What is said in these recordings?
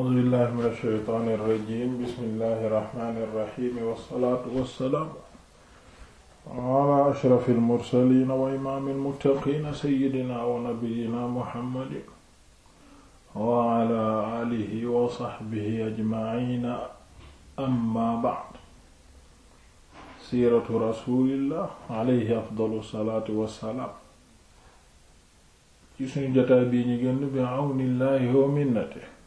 a'uuzu billaahi mina shaytaani rajiim bismillaahi rahmaani rahiim wassalaatu wassalaamu alaa ashrafil mursaliina wa imaamil muttaqiina sayyidinaa wa nabiyyinaa muhammadin wa alaa aalihi wa sahbihi ajma'iina ammaa ba'd siiratu rasuulillaah alayhi afdalu salaatu wassalaam ci suñu jotaay bii ñu génn bi awnillahi wa minnatihi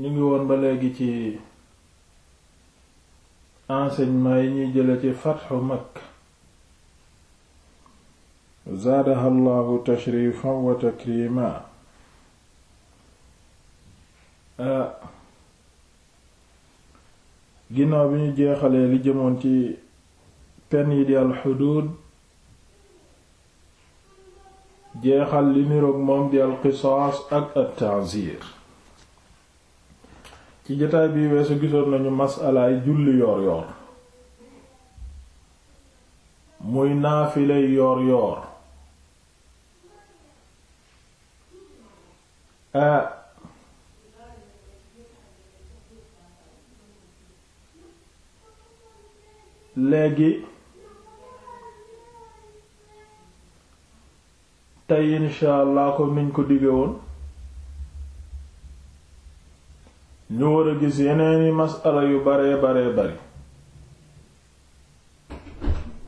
ñu ngi woon ba léegi ci enseignement yi ñuy jële ci fatxu Makka zaadaha llahu tashrifan wa takrima ah. ginnaaw bi ñu jeexalee li jëmoon ci pen yi di alxuduud jeexal li niroog moom di alqisaas ak at-ta'zir ci jotaay bii weesu gisoon nañu masalaay julli yoor yoor muy naafilay yoor yoor léegi tey insha allah ko niñ ko digge woon ñu war a gis yeneeni masala yu bare baree bari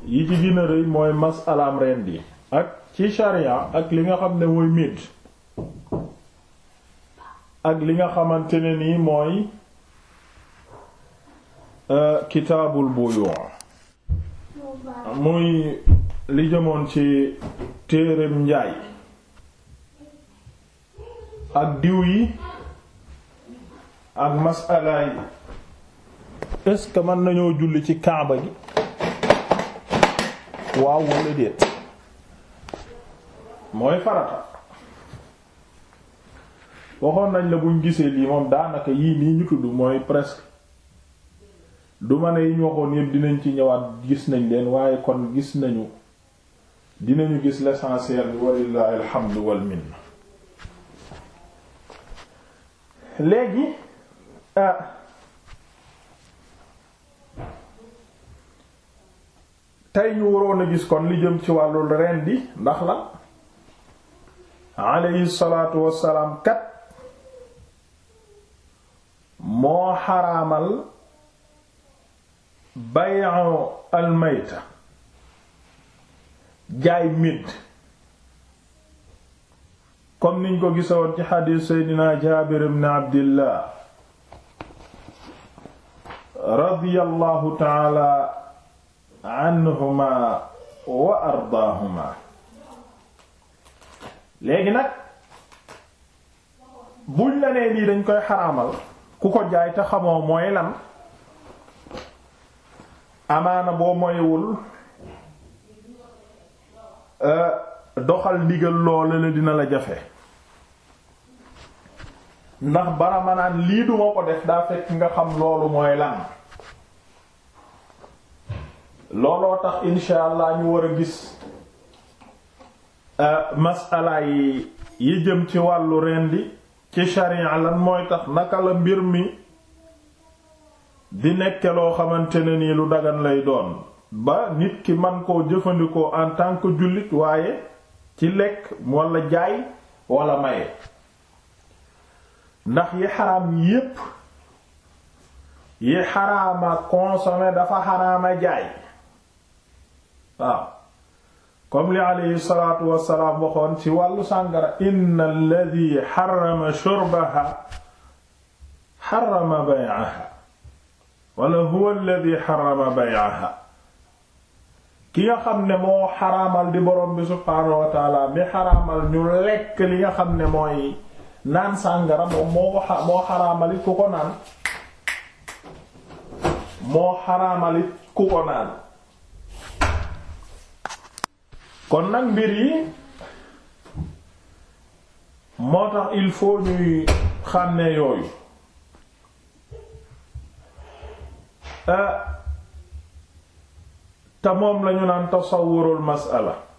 yi ci gën a mooy masalaam rend yi ak ci sharia ak li nga xam ne mooy médd ak li nga xamante ne nii mooy euh, kitaabul buyu muy li jëmoon ci téereem njaay ak diw yi ak masala yi est-ce mën nañoo julli ci kaaba gi waaw walla déet mooy farata waxoon nañ la buñ gisee lii moom daanaka yii nii ñu tudd mooy presque du ma ne yi ñu waxoon yépp dinañ ci ñëwaat gis nañ leen waaye kon gis nañu dinañu gis l'essentiel bi walillahi alhamdu wal minna léegi Ah. tey ñu waroon a gis kon li jëm ci wàllul rendi ndax la aleyhi salaatu wassalaam kat moo xaraamal bayu almayta jaay midd comme niñ ko gisoon ci xadiis seydina jaabir ibn abdillah radiyallahu taala anhuma wa ardaahuma léegi nag buñ la nee lii dañ koy xaraamal ku ko jaay te xamoo mooy lan amaana boo moywul euh, doxal ndigal loolu la dina la jafe ndax bara ma naan lii duma ko def daa fekk nga xam loolu mooy lan looloo tax insha allah ñu war a gis euh, masala yi jëm ci wàllu rendi ci sharia lan mooy tax naka la mbir mi di nekke loo xamante ne nii lu dagan lay doon ba nit ki man koo jëfandikoo en tant que jullit waaye ci lekk walla jaay walla maye ndax yi xaraam yépp yi xaraama consommer dafa xaraama jaay waaw comme li aleyhi salaatu wasalaam waxoon ci wàllu sàngara inna alladi xarama shurbaha xarama bay'aha wala huwa alladi xarama bay'aha ki nga xam ne moo xaraamal di borom bi subhaanahu wa taala mi xaraamal ñu lekk li nga xam ne mooy naan sàngara moom moo ko ku ko naan moo xaraamalit ku ko naan kon nag mbir yi moo tax il faut ñuy xàmmee yooyu euh, te moom lañu naan tasawurul masala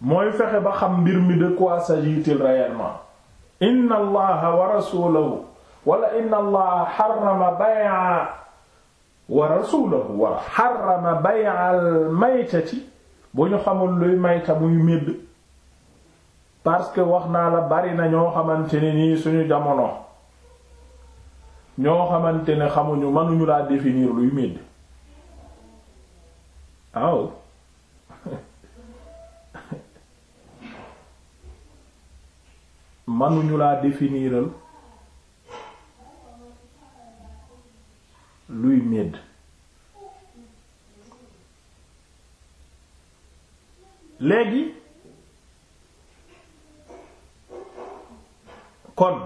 mooy fexe ba xam mbir mi de quoi s'agit-il réellement inna allaha wa rasulahu wala inna allaha xarama bay'a wa rasulahu wala xarama bay'al maytati bu ñu xamul luy mayta muy médd parce que wax naa la bari na ñoo xamante nii suñu jamono ñoo xamante ne xamuñu mënuñu laa définir luy médd waaw mënuñu laa définiral luy medd léegi kon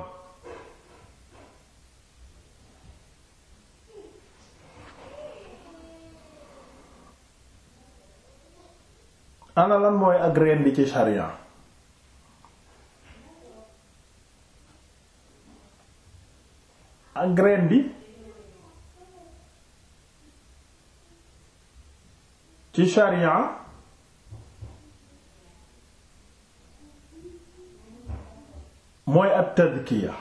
ana mooy ak rendi ci sharia ak reen bi ci sharia mooy ab tadkiya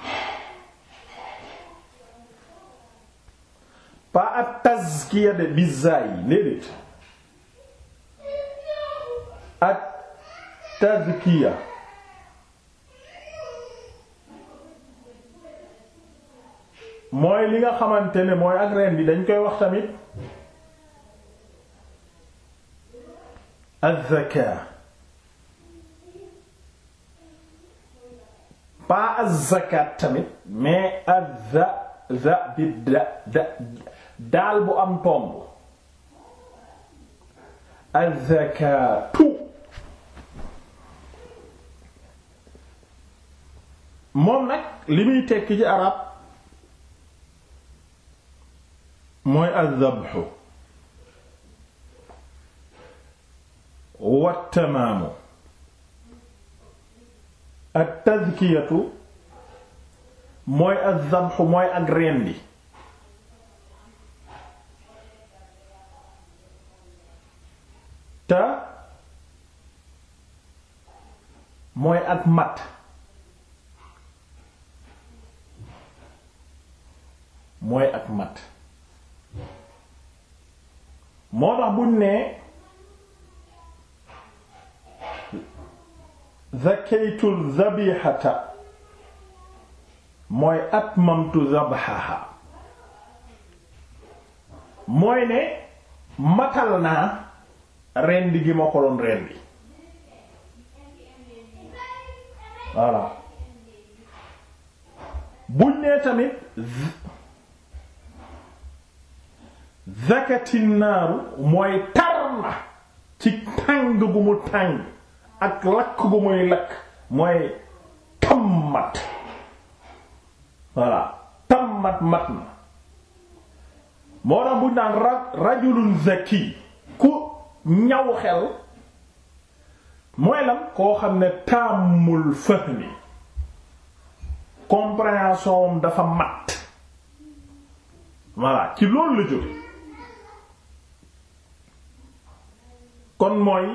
pas ab tazkiya de bizaay déedéet ak tadkiya mooy li nga xamante ne mooy ak reen bi dañ koy wax tamit az-zaka pas az tamit mais az-za da da daal bu am tomb az-zakatu moom nag li muy tekki ci arab mooy addabxu wattamaamu ak tazkiyatu mooy addabxu mooy ak rendi te mooy ak mat mooy ak mat moo tax buñ nee zakaytu zabihata mooy atmamtu zabhaha mooy ne matal naa rendi gi ma ko doon rendi voilà buñ nee tamit zakatinnaaru mooy tar na ci tàng gu mu tàng ak lakk gu muy lakk mooy tammat voilà tammat mat na moo tax buñ naan rajulun zaki ku ñaw xel mooy lan koo xam ne tàmmul fahmi compréhension dafa mat voilà ci loolu la jóge kon mooy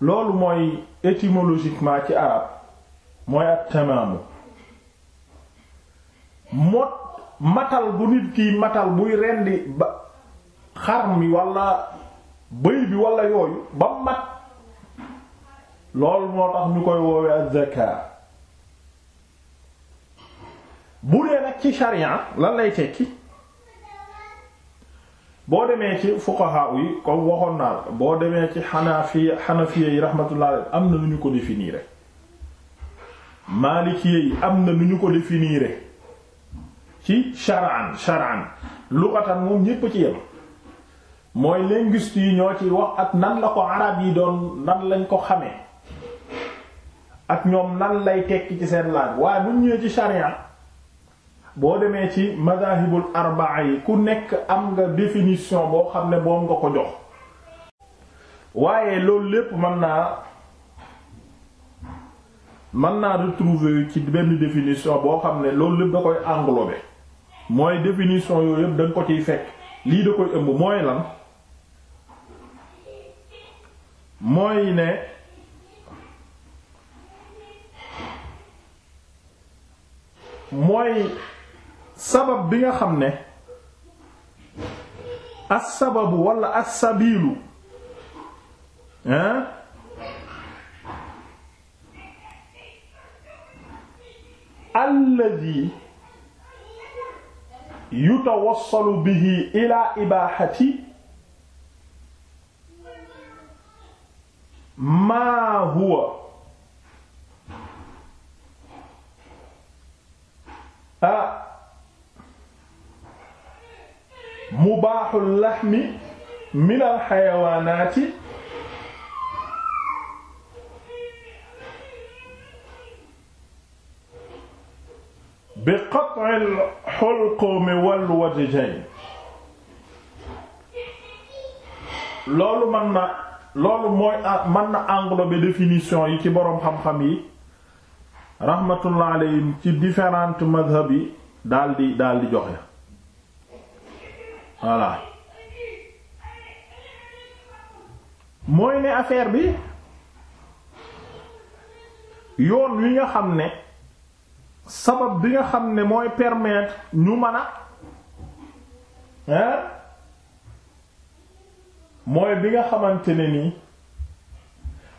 loolu mooy étymologiquement ci arab mooy at tamaamu mot matal bu nit kiy matal buy rendi ba xar mi walla bëy bi walla yooyu ba mat loolu moo tax ñu koy woowee ak zaka bu nag ci sharia lan lay tekki boo demee ci fuqaha yi comme waxoon naa boo demee ci xanaa xanafiya xanafiya yi rahmatullah am na nu ñu ko définir maalikiya yi am na lu ñu ko définir ci shar'an lu atan moom ñépp ci yem mooy linguiste yi ñoo ci wax ak nan la ko arab yi doon nan lañ ko xamee ak ñoom nan lay tekki ci seen laaj waaye bu ñu ñëwee ci sharia boo demee ci madahibul arbaa yi ku nekk am nga définition boo xam ne moom nga ko jox waaye loolu lépp mën naa mën naa retrouver ci benn définition boo xam ne loolu lépp da koy englober mooy définition yooyu yëpp da ko ciy fekk lii da koy ëmb mooy lan mooy ne mooy sabab bi nga xam ne as sababu wala as sabilu hein alladi yutawassalu bihi ila ibaahati maa huwa ah mubaaxul laxmi min al xayawaanaati bi qat'il xulqumi wal wajhayn loolu mën na loolu mooy ah, mën na englober définition yi ci boroom xam-xam yi rahmatullah alayhim ci différentes madhab yi daldi daldi joxe voilà mooy ne affaire bi yoon wi nga xam ne sabab bi nga xam ne mooy permettre ñu mën a hein mooy bi nga xamante nii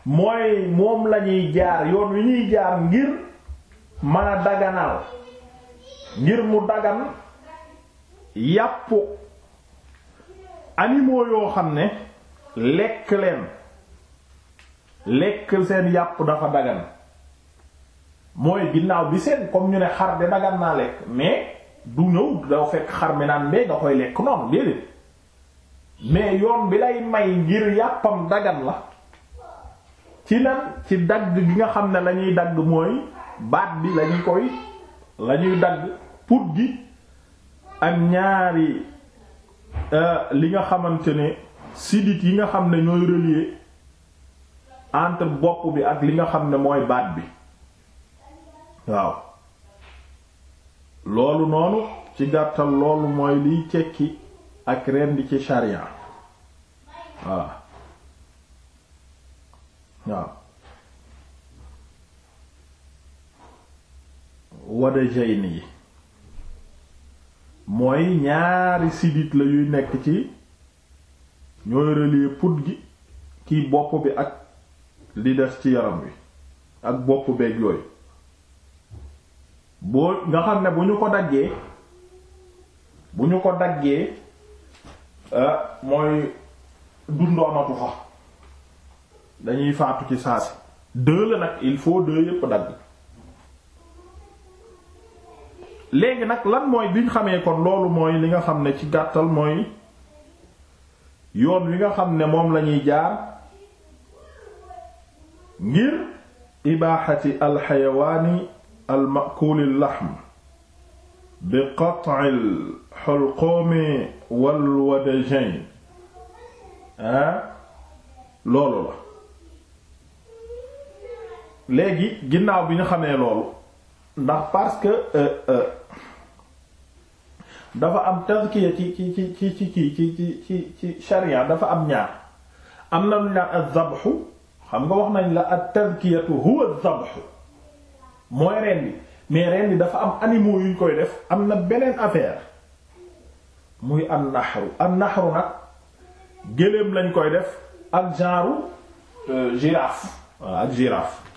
mooy moom lañuy jaar yoon wi ñuy jaar ngir mën a daganal ngir mu dagan yàppu animaux yoo xam ne lekk leen lekk seen yàpp dafa dagan mooy ginnaaw bi seen comme ñu ne xar de dagan naa lekk mais du ñëw daw fekk xar mi naan mbee nga koy lekk noonu déedéet mais yoon bi lay may ngir yàppam dagan la ci nan ci dagg bi nga xam ne lañuy dagg mooy baat bi lañuy koy lañuy dagg put gi ak ñaari Euh, li nga xamante ne sidit yi nga xam ne ñooy relier entre bopp bi ak li nga xam ne mooy baat bi waaw loolu noonu ci gàttal loolu mooy liy tekki ak rendi ci sharia waaw waaw wadajayni yi mooy ñaari sidit la yuy nekk ci ñooy relier put gi kii bopp bi ak li des ci yaram wi ak bopp beeg yooyu boo nga xam ne bu ñu ko daggee bu ñu ko daggee ah mooy dundoo amatu dañuy faatu ci saa si deux la nag il faut deux yépp dagg léegi nag lan mooy bi xamee kon loolu mooy li nga xam ne ci gàttal mooy yoon wi nga xam ne moom lañuy jaar ngir ibaaxati alxayawaani almakuuli laxm bi qat'il xulqoomi wal wadajayn ah loolu la léegi ginnaaw bi ñu xamee loolu ndax parce que euh, euh, dafa am tazkiya ci ci ci ci ci ci ci ci ci sharia dafa am ñaar am na lu ñu naan az-zabhu xam nga wax nañ la at-tazkiyatu huwa az-zabhu mooy rendi mais rendi dafa am animaux yu ñu koy def am na beneen affaire muy an-nahru an-nahru nag gëléem lañ koy def ak genre euh, girafe ak girafe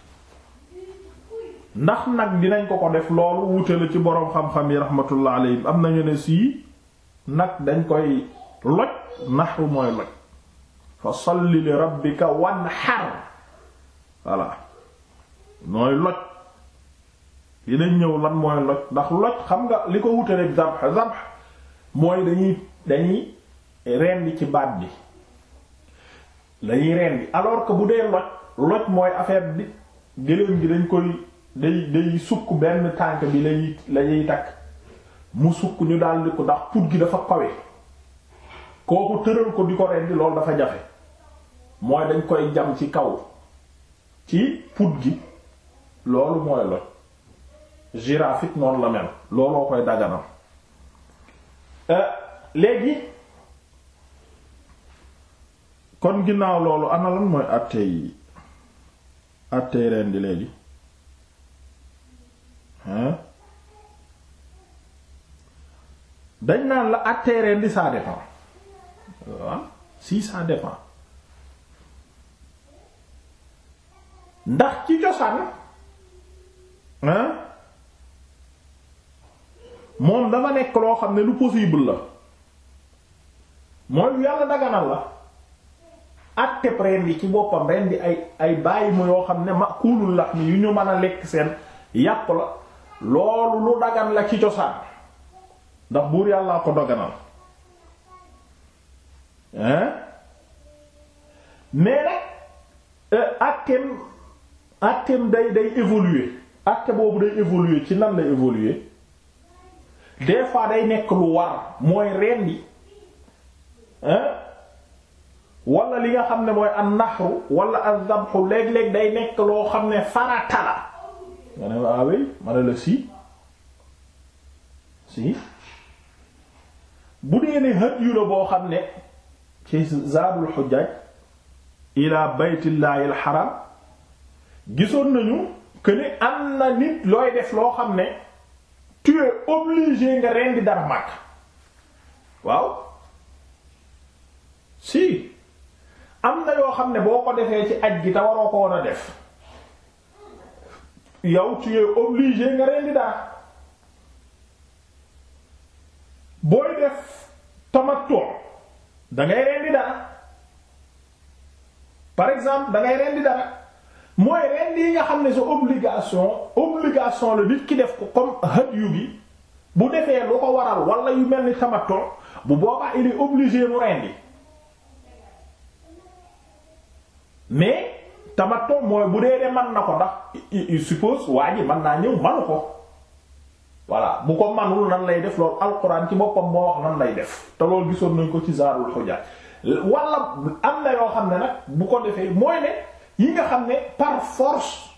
ndax nag dinañ ko ko def loolu wuute la ci boroom xam-xam yi rahmatullah alayhim am nañu ne sii nag dañ koy loj naxru mooy loj fa salli li rabbika wanhar voilà mooy loj dinañ ñëw lan mooy loj ndax loj xam nga li ko wuute rek zabh zabh mooy dañuy dañuy rendi ci baat bi lañuy rendi alors que bu dee loj loj mooy affaire bi gëléem gi dañ koy day day sukk benn tànk bi lay lañuy takk mu sukk ñu daldi ko ndax put gi dafa kawe kooku tëral ko di ko rendi loolu dafa jafe mooy dañ koy jam ci kaw ci put gi loolu mooy la girafe it la mel looloo koy daganam euh, léegi kon ginnaaw loolu ana lan mooy àtteey àtteey rendi léegi dañ naan la àttee reen di ça dépend waaw si ça dépend ndax ci cosaan moom dafa nekk loo xam ne lu possible la mooy lu yàlla daganal la àtteb reen yi ci boppam reen di ay ay bàyyi mu yoo xam ne ma kuulul lax mi yu ñu mën a lekk seen yàpp la loolu lu dagan la ci cosaan ndax buur yàllaa ko doganal hein mais nag àtteem euh, àtteem day day évoluer àtte boobu day évoluer ci nan lay évoluer des fois day nekk lu war mooy rendi hein wala li nga xam ne mooy an naxru wala an zabxu léeg-léeg day nekk loo xam ne farata la nga ne eh, ma awey la si si bu dee ne hadiyu la boo xam ne ci zaadul xujjaaj ila baytillahi alxaram gisoon nañu que am na nit looy def loo xam ne tu es obligé nga rendi dara màkk waaw si am na yoo xam ne boo ko defee ci aj gi te waroo ko woon a def yow tu es obligé nga rendi daal booy def tamattu da rendi dara par exemple dangay ngay rendi dara mooy rendi yi nga xam ne sa obligation obligation la nit ki def ko comme hadyu bi bu defee lu ko waral wala yu mel ni tamattu bu boobaa il est obligé rendi mais tamattu mooy bu dee de man na ko ndax il suppose waa ji man naa ñëw manu ko voilà bu ko manul nan lay def loolu alquran ci boppam moo wax nan lay def te loolu gisoon nañ ko ci zaarul xujaaj wala am na yoo xam ne nag bu ko defee mooy ne yi nga xam ne par force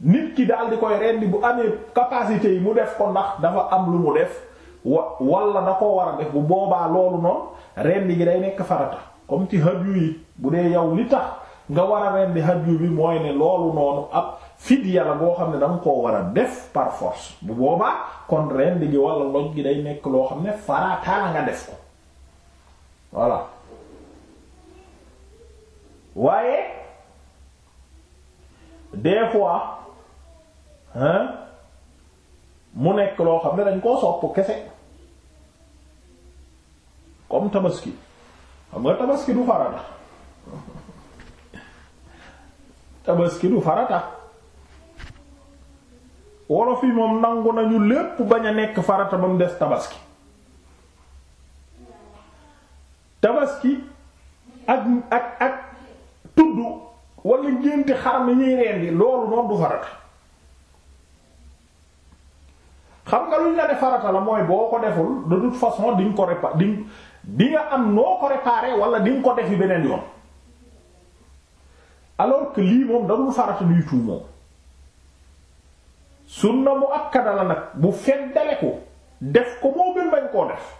nit ki daal di koy rendi bu amee capacité yi mu def ko ndax dafa am lu mu def wa wala da koo war a def bu boobaa loolu noonu rendi gi day nekk farata comme ci hadiyu yi bu dee yow li tax nga war a rendi hadyu bi mooy ne loolu noonu ab fidya la boo xam ne danga koo war a def par force bu boobaa kon rendi gi wala loj gi day nekk loo xam ne faraataa nga def ko voilà waaye des fois hein mu nekk loo xam ne dañ koo sopp kese comme tabaski xam nga tabaski du farata tabaski du farata wolof yi moom nangu nañu lépp bañ a nekk farata ba mu des tabaski tabaski ak ak ak tudd wala ngénte xar mi ñuy rendi loolu noonu du farata xam nga luñ la ne farata la mooy boo ko deful de toute façon di ko répa di di nga am noo ko réparer wala di nga ko defi beneen yoon alors que lii moom dadul farata du tout moom sunna mu akkada la nag bu feddale ko def ko moo gën bañ koo def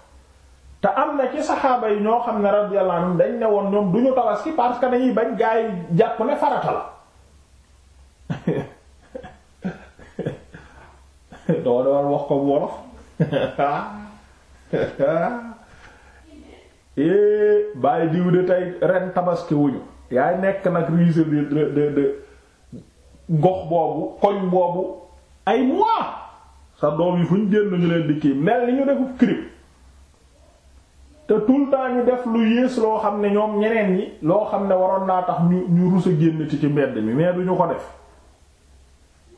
te am na ci saxaaba yi ñoo xam ne radiyallahu anhum dañ ne woon ñoom duñu tabaski parce que dañuy bañ gaay jàpp ne farata la doo doon wax ko wolof eh, bàyyi diw de tey ren tabaski wuñu yaay nekk nag risée de de de ngox boobu koñ boobu ay mois sa doom yi fu ñu génn ñu leen di kii mel ni ñu defu crib te tout le temps ñu def lu yées loo xam ne ñoom ñeneen yi loo xam ne waroon naa tax ñu ñu rus a génn ci ci mbedd mi mais ñu ko def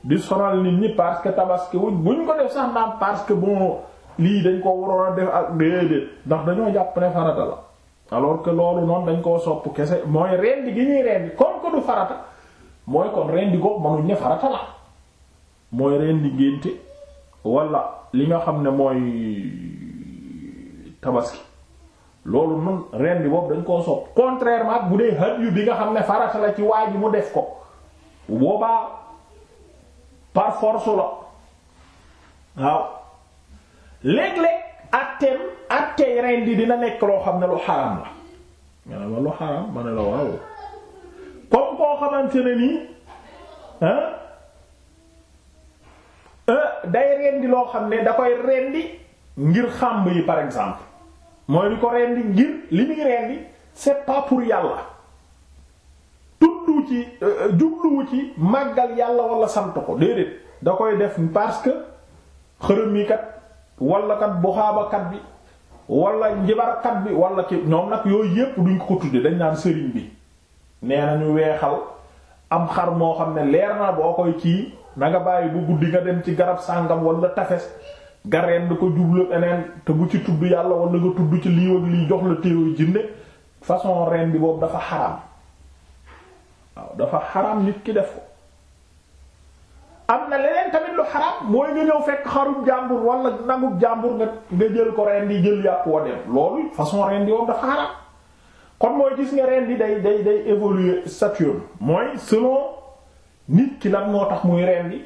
di sonal nit ñi parce que tabaski wuñ buñ ko def sax naan parce que bon lii dañ ko waroon a def ak déedéet ndax dañoo jàpp ne farata la alors que loolu noonu dañ koo sopp kese mooy rendi gi ñuy rendi comme que du farata mooy kon rendi googu mënuñ ne farata la mooy rendi ngénte wala li nga xam ne mooy tabaski loolu noonu rendi boobu dañ koo sopp contrairement bu dee hadyu bi nga xam ne farata la ci waa bi mu def ko boobaa par la waaw léeg-léeg atteem attey rendi dina nekk loo xam ne lu xaraam la nga ne ma lu xaraam ma ne la waaw comme koo xamante ne nii euh, day rendi loo xam ne da koy rendi ngir xàmb yi par exemple mooy di ko rendi ngir li muy rendi c'est pas pour yàlla tuddu ci euh, jubluwu ci màggal yàlla wala sant ko déedéet da koy def parce que xërëm yi kat wallakat bu buxaabakat bi wala njibarkat bi wala ci ñoom nag yooyu yépp duñ ko ko tudde dañ naan sëriñ bi nee na ñu weexal am xar moo xam ne leer na boo koy kii na nga bàyyi bu guddi nga dem ci garab sàngam walla tafes gareen di ko jublu eneen te bu ci tudd yàlla wala nga tudd ci lii ak lii jox la téew jinne façon reen bi boobu dafa xaram waaw dafa xaram nit ki def ko am na leneen tamit lu xaraam mooy nga ñëw fekk xarub jàmbur wala nagub jàmbur nga nga jël ko rendi jël yàpp wa dem loolu façon rendi woon dafa xaraam kon mooy gis nga rendi day day day évoluer statut mooy selon nit ki lan moo tax muy rendi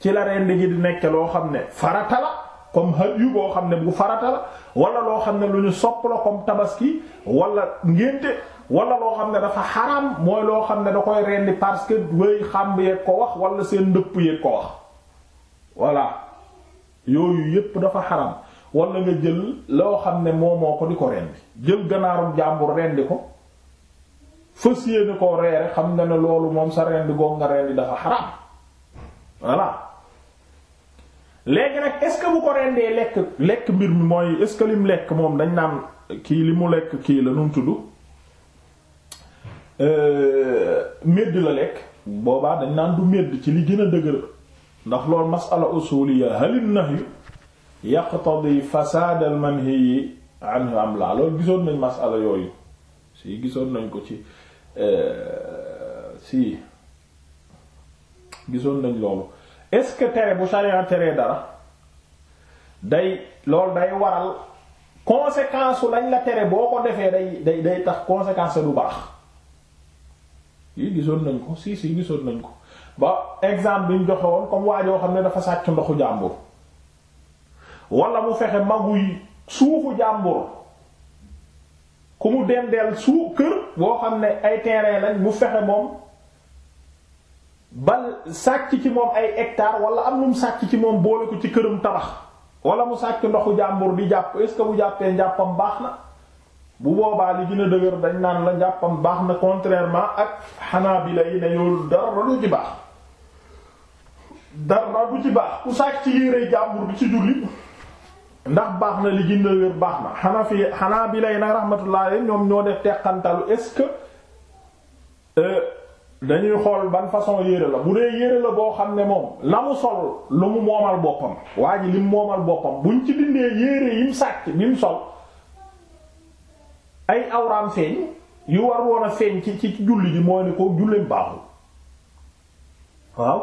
ci la rendi gi di nekk loo xam ne farata la comme haj yu boo xam ne bu farata la wala loo xam ne lu ñu sopp la comme tabaski wala ngénte wala loo xam ne dafa xaram mooy loo xam ne da koy rendi parce que way xàmb yeeg ko wax wala seen ndëpp yeeg ko wax voilà yooyu yépp dafa xaram wala nga jël loo xam ne moomoo ko di ko rendi jël ganaarum jàmbur rendi ko fas yéene koo reere xam nga ne loolu moom sa rend goog nga rendi dafa xaram voilà léegi nag est-ce que bu ko rendee lekk lekk mbir mi mooy est-ce que lim lekk moom dañ naan kii li mu lekk kii la nu mu tudd Euh, médd la lekk boobaa dañ naan du médd ci li gën a dëgër ndax loolu masala usuliya halin nahyu yaqtadi fasaad al manhi anhu am la loolu gisoon nañ masala yooyu si gisoon nañ ko ci euh, si gisoon nañ loolu est-ce que tere bu sharia teree dara day loolu day waral conséquence su lañ la tere boo ko defee day day day tax conséquence du baax yii gisoon nañ ko si si gisoon nañ ko ba exemple bi ñu joxe woon comme waa joo xam ne dafa sàcc ndoxu jàmbur wala mu fexe maguy suufu jàmbur ku mu dendeel suu kër boo xam ne ay terrain lañ mu fexe moom ba sàcc ci moom ay hectare wala am lu mu sàcc ci moom boole ko ci këram tabax wala mu sàcc ndoxu jàmbur di jàpp est ce que bu jàppee njàppam baax na bu boobaa li gën a dëgër dañ naan la njàppam baax na contrairement ak Hanabila yi ne yow dara ci baax dara du ci baax ku sàcc ci yére jàmbur bi ci julli ndax baax na li gën a dëgër baax na xanaa Hanabila yi nag rahmatullah ñoom ñoo def teqantalu est euh, dañuy xool ban façon yére la bu dee yére la boo xam ne moom la mu sol lu mu moomal boppam waa ji li mu moomal boppam buñ ci dindee yére yi mu sàcc bi mu sol. ay awraam feeñ yu war woon a feeñ ci ci julli ji mooy ne ko julleem baaxul waaw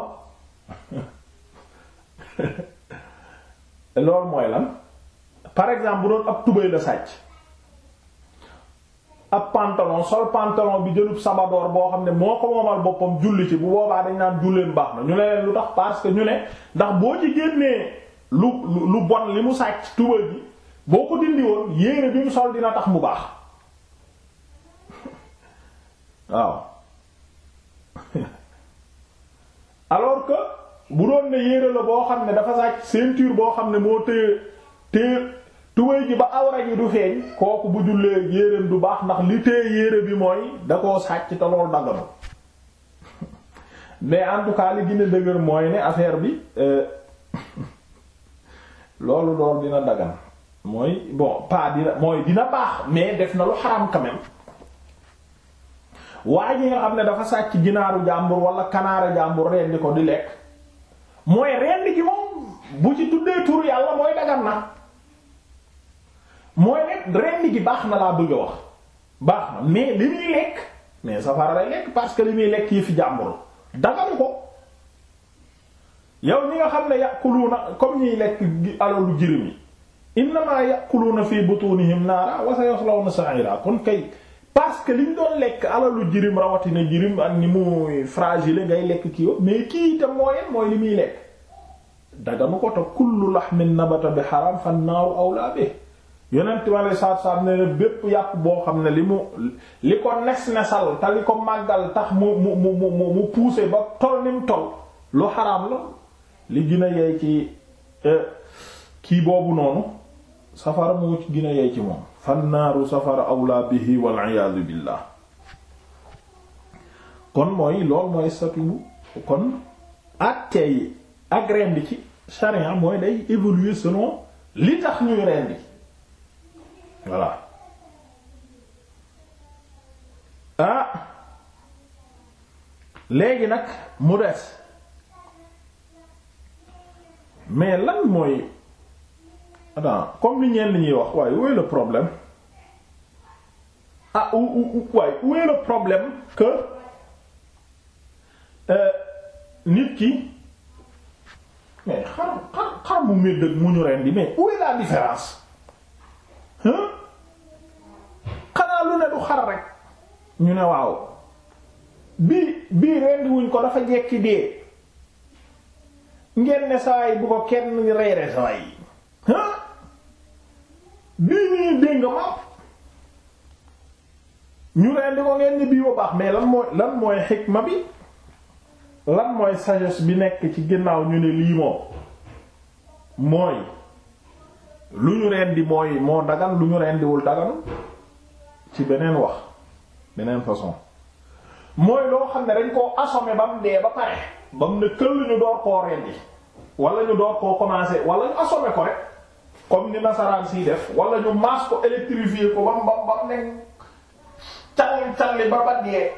loolu mooy lan par exemple bu doon ab tubéy la sàcc ab pantalon sol pantalon bi jëlub sabadoor boo xam ne moo ko moomal boppam julli ci bu boobaa dañ naan julleem baax na ñu ne lu tax parce que ñu ne ndax boo ci génnee lu lu bon li mu sàcc tubéy bi boo ko dindi woon yéere bi mu sol dina tax mu baax waaw alors que bu doon ne yére la boo xam ne dafa sàcc ceinture boo xam ne moo té téye tubéy ji ba awra ji du feeñ kooku bu jullee yéreem du baax ndax li téye yére bi mooy da koo sàcc te loolu mais en tout cas li gën a dëgër mooy ne affaire bi euh, loolu loolu dina dagan mooy bon pas dina mooy dina baax mais def na lu xaram quand waa ji nga xam ne dafa sàcc ginaaru jàmbur wala kanaaru jàmbur rendi ko di lekk mooy rendi gi moom bu ci tuddee turu yàlla mooy dagan na mooy nekk rendi gi baax na laa bëgg a wax baax na mais li muy lekk mais safara lay lekk parce que li muy lekk yi fi jàmbur daganu ko yow ñi nga xam ne yàquluuna comme ñiy lekk alalu jirim yi innamaa yàquluuna fii butunihim naara wa sayaslawna sa'ira kon kay parce que liñ doon lekk alalu jirim rawatina jirim ak ni muy fragile ngay lekk kii yëpp mais kii itam mooyen mooy li muy lekk daganu ko te kullu lahmin nabata bi xaram fan naaru awlaa bi yonent ma saab saab ne bépp yàpp boo xam ne li mu li ko nes nesal te li ko màggal tax mu mu mu mu mu poussé ba tol ni mu lu xaraam la li gën yey ci eh, kii boobu noonu safara moo ci gën yey ci moom fannaaru safara awlaa bihi wal iyaadu billah kon mooy lool mooy satu kon attey ak bi ci charia mooy day évoluer selon li tax ñuy rendi voilà ah léegi nag mu des mais lan mooy attends comme li ñenn ñuy wax waaye où est problème ah où waaye où est problème que euh, nit ki mais xar xar xar mu médd mu ñu rendi mais où la différence hein xanaa lu ne du xar rek ñu ne waaw bii bii rendi ko dafa jekki dee ngeen ne sawaay bu ko kenn reere sawaay hein bii nii dégg nga ma ñu rendi ko ngeen ni bii bu baax mais lan mooy lan mooy xikma bi lan mooy sagesse bi nekk ci ginnaaw ñu ne lii moom mooy lu ñu rendi mooy moo dagan lu ñu rendiwul dagan ci beneen wax beneen façon mooy loo xam ne dañ koo assommé ba mu dee ba pare ba mu ne këll ñu door koo rendi wala ñu door koo commencé wala ñu assommé ko rek comme ni nasaraan siy def wala ñu maas ko électrifier ko bam bam bam ne calli calli ba ba dee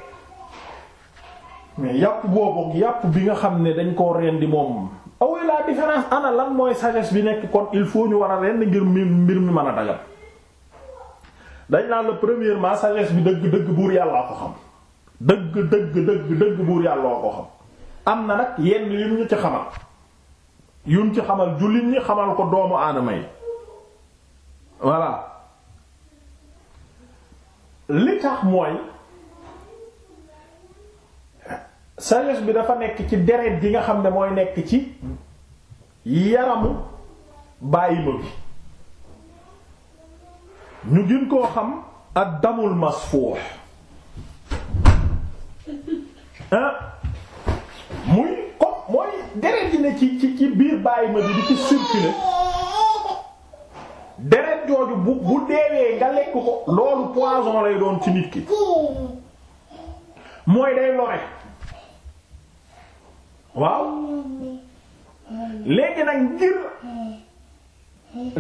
mais yàpp boobu yàpp bi nga xam ne dañ koo rendi moom awee ah la différence ana lan mooy sagesse bi nekk kon il faut ñu war a rend ngir mbir mi man a dagal dañ naan la premièrement sagesse bi dëgg dëgg buur yàllaa ko xam dëgg dëgg dëgg dëgg buur yàllaa ko xam am na nag yenn yu ñu ci xamal yu ñu ci xamal jullit ñi xamal ko doomu aadama yi voilà li tax mooy sagesse bi dafa nekk ci deret ji nga xam ne mooy nekk ci yaramu bàyyi ma bi ñu jën koo xam ak damul masfuux muy comme mooy deret ji ne ci ci biir bàyyi ma bi di ci circuler deret jooju bu bu deewee nga lekk ko loolu poison lay doon ci nit ki mooy day lore waaw léegi nag ngir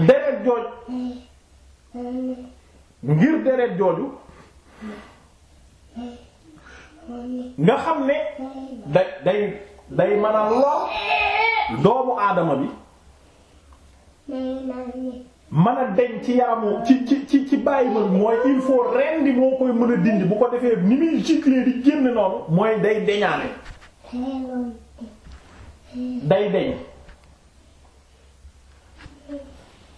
deret jooj ngir deret jooju nga xam ne day day day mën a lor doomu aadama bi mën a deñ ci yaramu ci ci ci ci bàyyi ma mooy il faut rendi moo koy mën a dindi bu ko defee ni muy giclee di génn noonu mooy day deñaale day deñ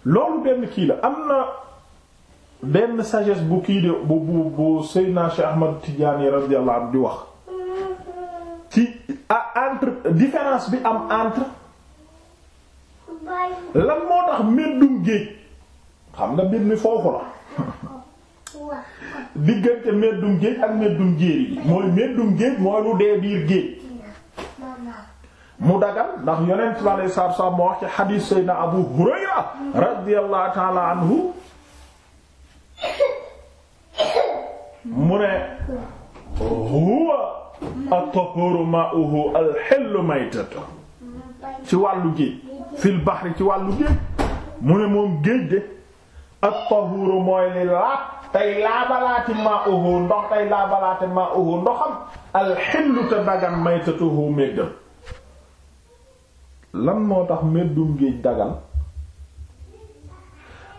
loolu benn kii la am na benn sagesse bu kii de bu bu bu Seydina Cheikh Ahmad Tidiane radiyallahu anhu di wax ci entre différence bi am entre lan moo tax géej xam nga mbir mi foofu la diggante meddum géej ak meddum jéeri mooy meddum géej mooy lu dee biir géej mu dagal ndax yonent bi alayhi salaatu moo ci xadiis Seydina Abu Hurayra radiyallahu ta'ala anhu mu ne huwa at-tahuru ci wàllu géej fil bahri ci wàllu géej mu ne moom géej de at-tahuru mooy li laab tey laabalaati ma'uhu ndox tey laabalaati ma'uhu ndoxam al-hillu te dagan maytatuhu méddam lan moo tax méddum géej dagan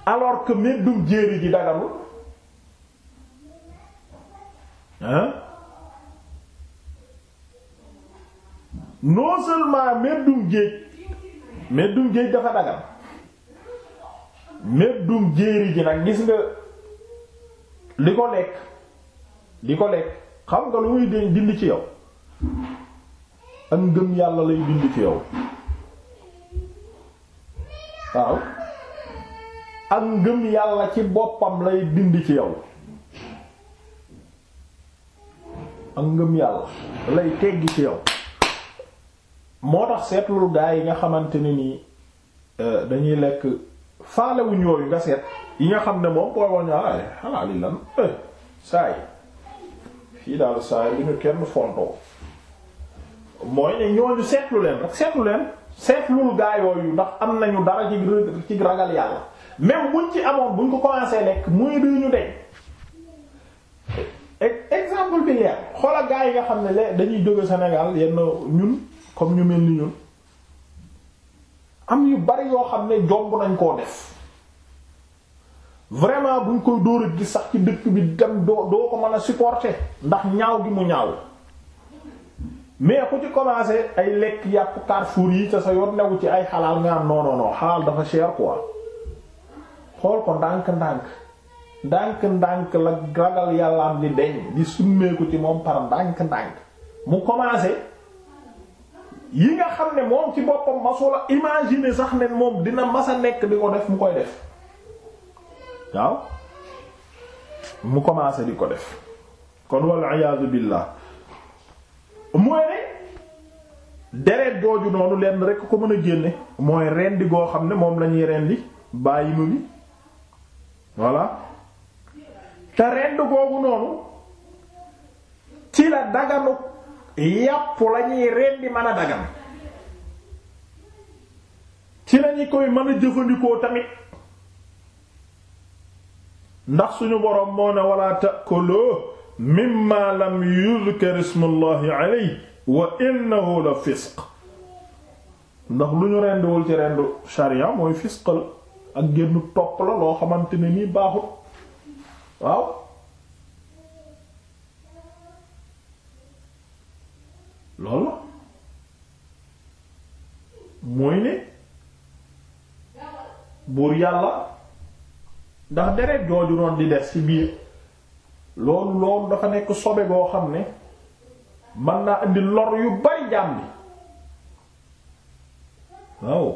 alors que méddum jéeri ji daganul hein non seulement méddum géej méddum géej dafa dagan meddum jéeri ji nag gis nga li ko lekk di ko lekk xam nga lu muy dén ci yow ak ngëm yàlla lay dindi ci yow waaw ak ngëm yàlla ci boppam lay dindi ci yow ak ngëm yàlla lay teggi ci yow moo tax seetlul gaa yi nga xamante ne nii euh, dañuy lekk faalewuñ yooyu nga seet yi nga xam ne moom booy wax ñu ay eh, xalaali lan eh, saa yi fii daal saa yi lu ñu kenn fontoo mooy ne ñooñu seetlu leen rek seetlu leen seetlul gaa yooyu ndax am nañu dara ci ci ragal yàlla même buñ ci amoon buñ ko commencé lekk muy duy ñu deñ e-, exemple bi leer xoola gaa yi nga xam ne dañuy jóge Sénégal yenn ñun comme ñu mel ni ñun am yu bari yoo xam ne jomb nañ koo def vraiment buñ koy dóor a gis sax ci dëkk bi dem doo doo ko mën a supporter ndax ñaaw gi mu ñaaw mais ku ci commencé ay lekk yàpp Carrefour yi ca sa yoon newu ci ay xalaal nga am non xalaal dafa cher quoi xool ko ndànk-ndànk ndànk-ndànk la ragal yàllaam am di deñ di summeeku ci moom par ndànk-ndànk mu commencé. yi nga xam ne moom ci boppam masula imaginer sax ne moom dina masa nekk di ko def mu koy def waaw mu commencé di ko def kon wal iyaadu billah mooy ne deret jooju noonu lenn rekk ko mën a génne mooy rendi goo xam ne moom lañuy rendi bàyyi mu bi voilà te rend googu noonu ci la daganu yàpp lañuy rendi mën a dagan ci lañu koy mën a jëfandikoo tamit ndax suñu boroom moo ne wala ta'kulu mimma lam yuzkar ismullahi alayhi wa innahu la fisq ndax lu ñu rendiwul ci rendu sharia mooy fisq la ak génn topp la loo xamante ni nii baaxut waaw loolu la mooy ne buur yàlla ndax deret jooju noonu di des ci biir loolu loolu dafa nekk sobe boo xam ne mën naa indi lor yu bari jaam waaw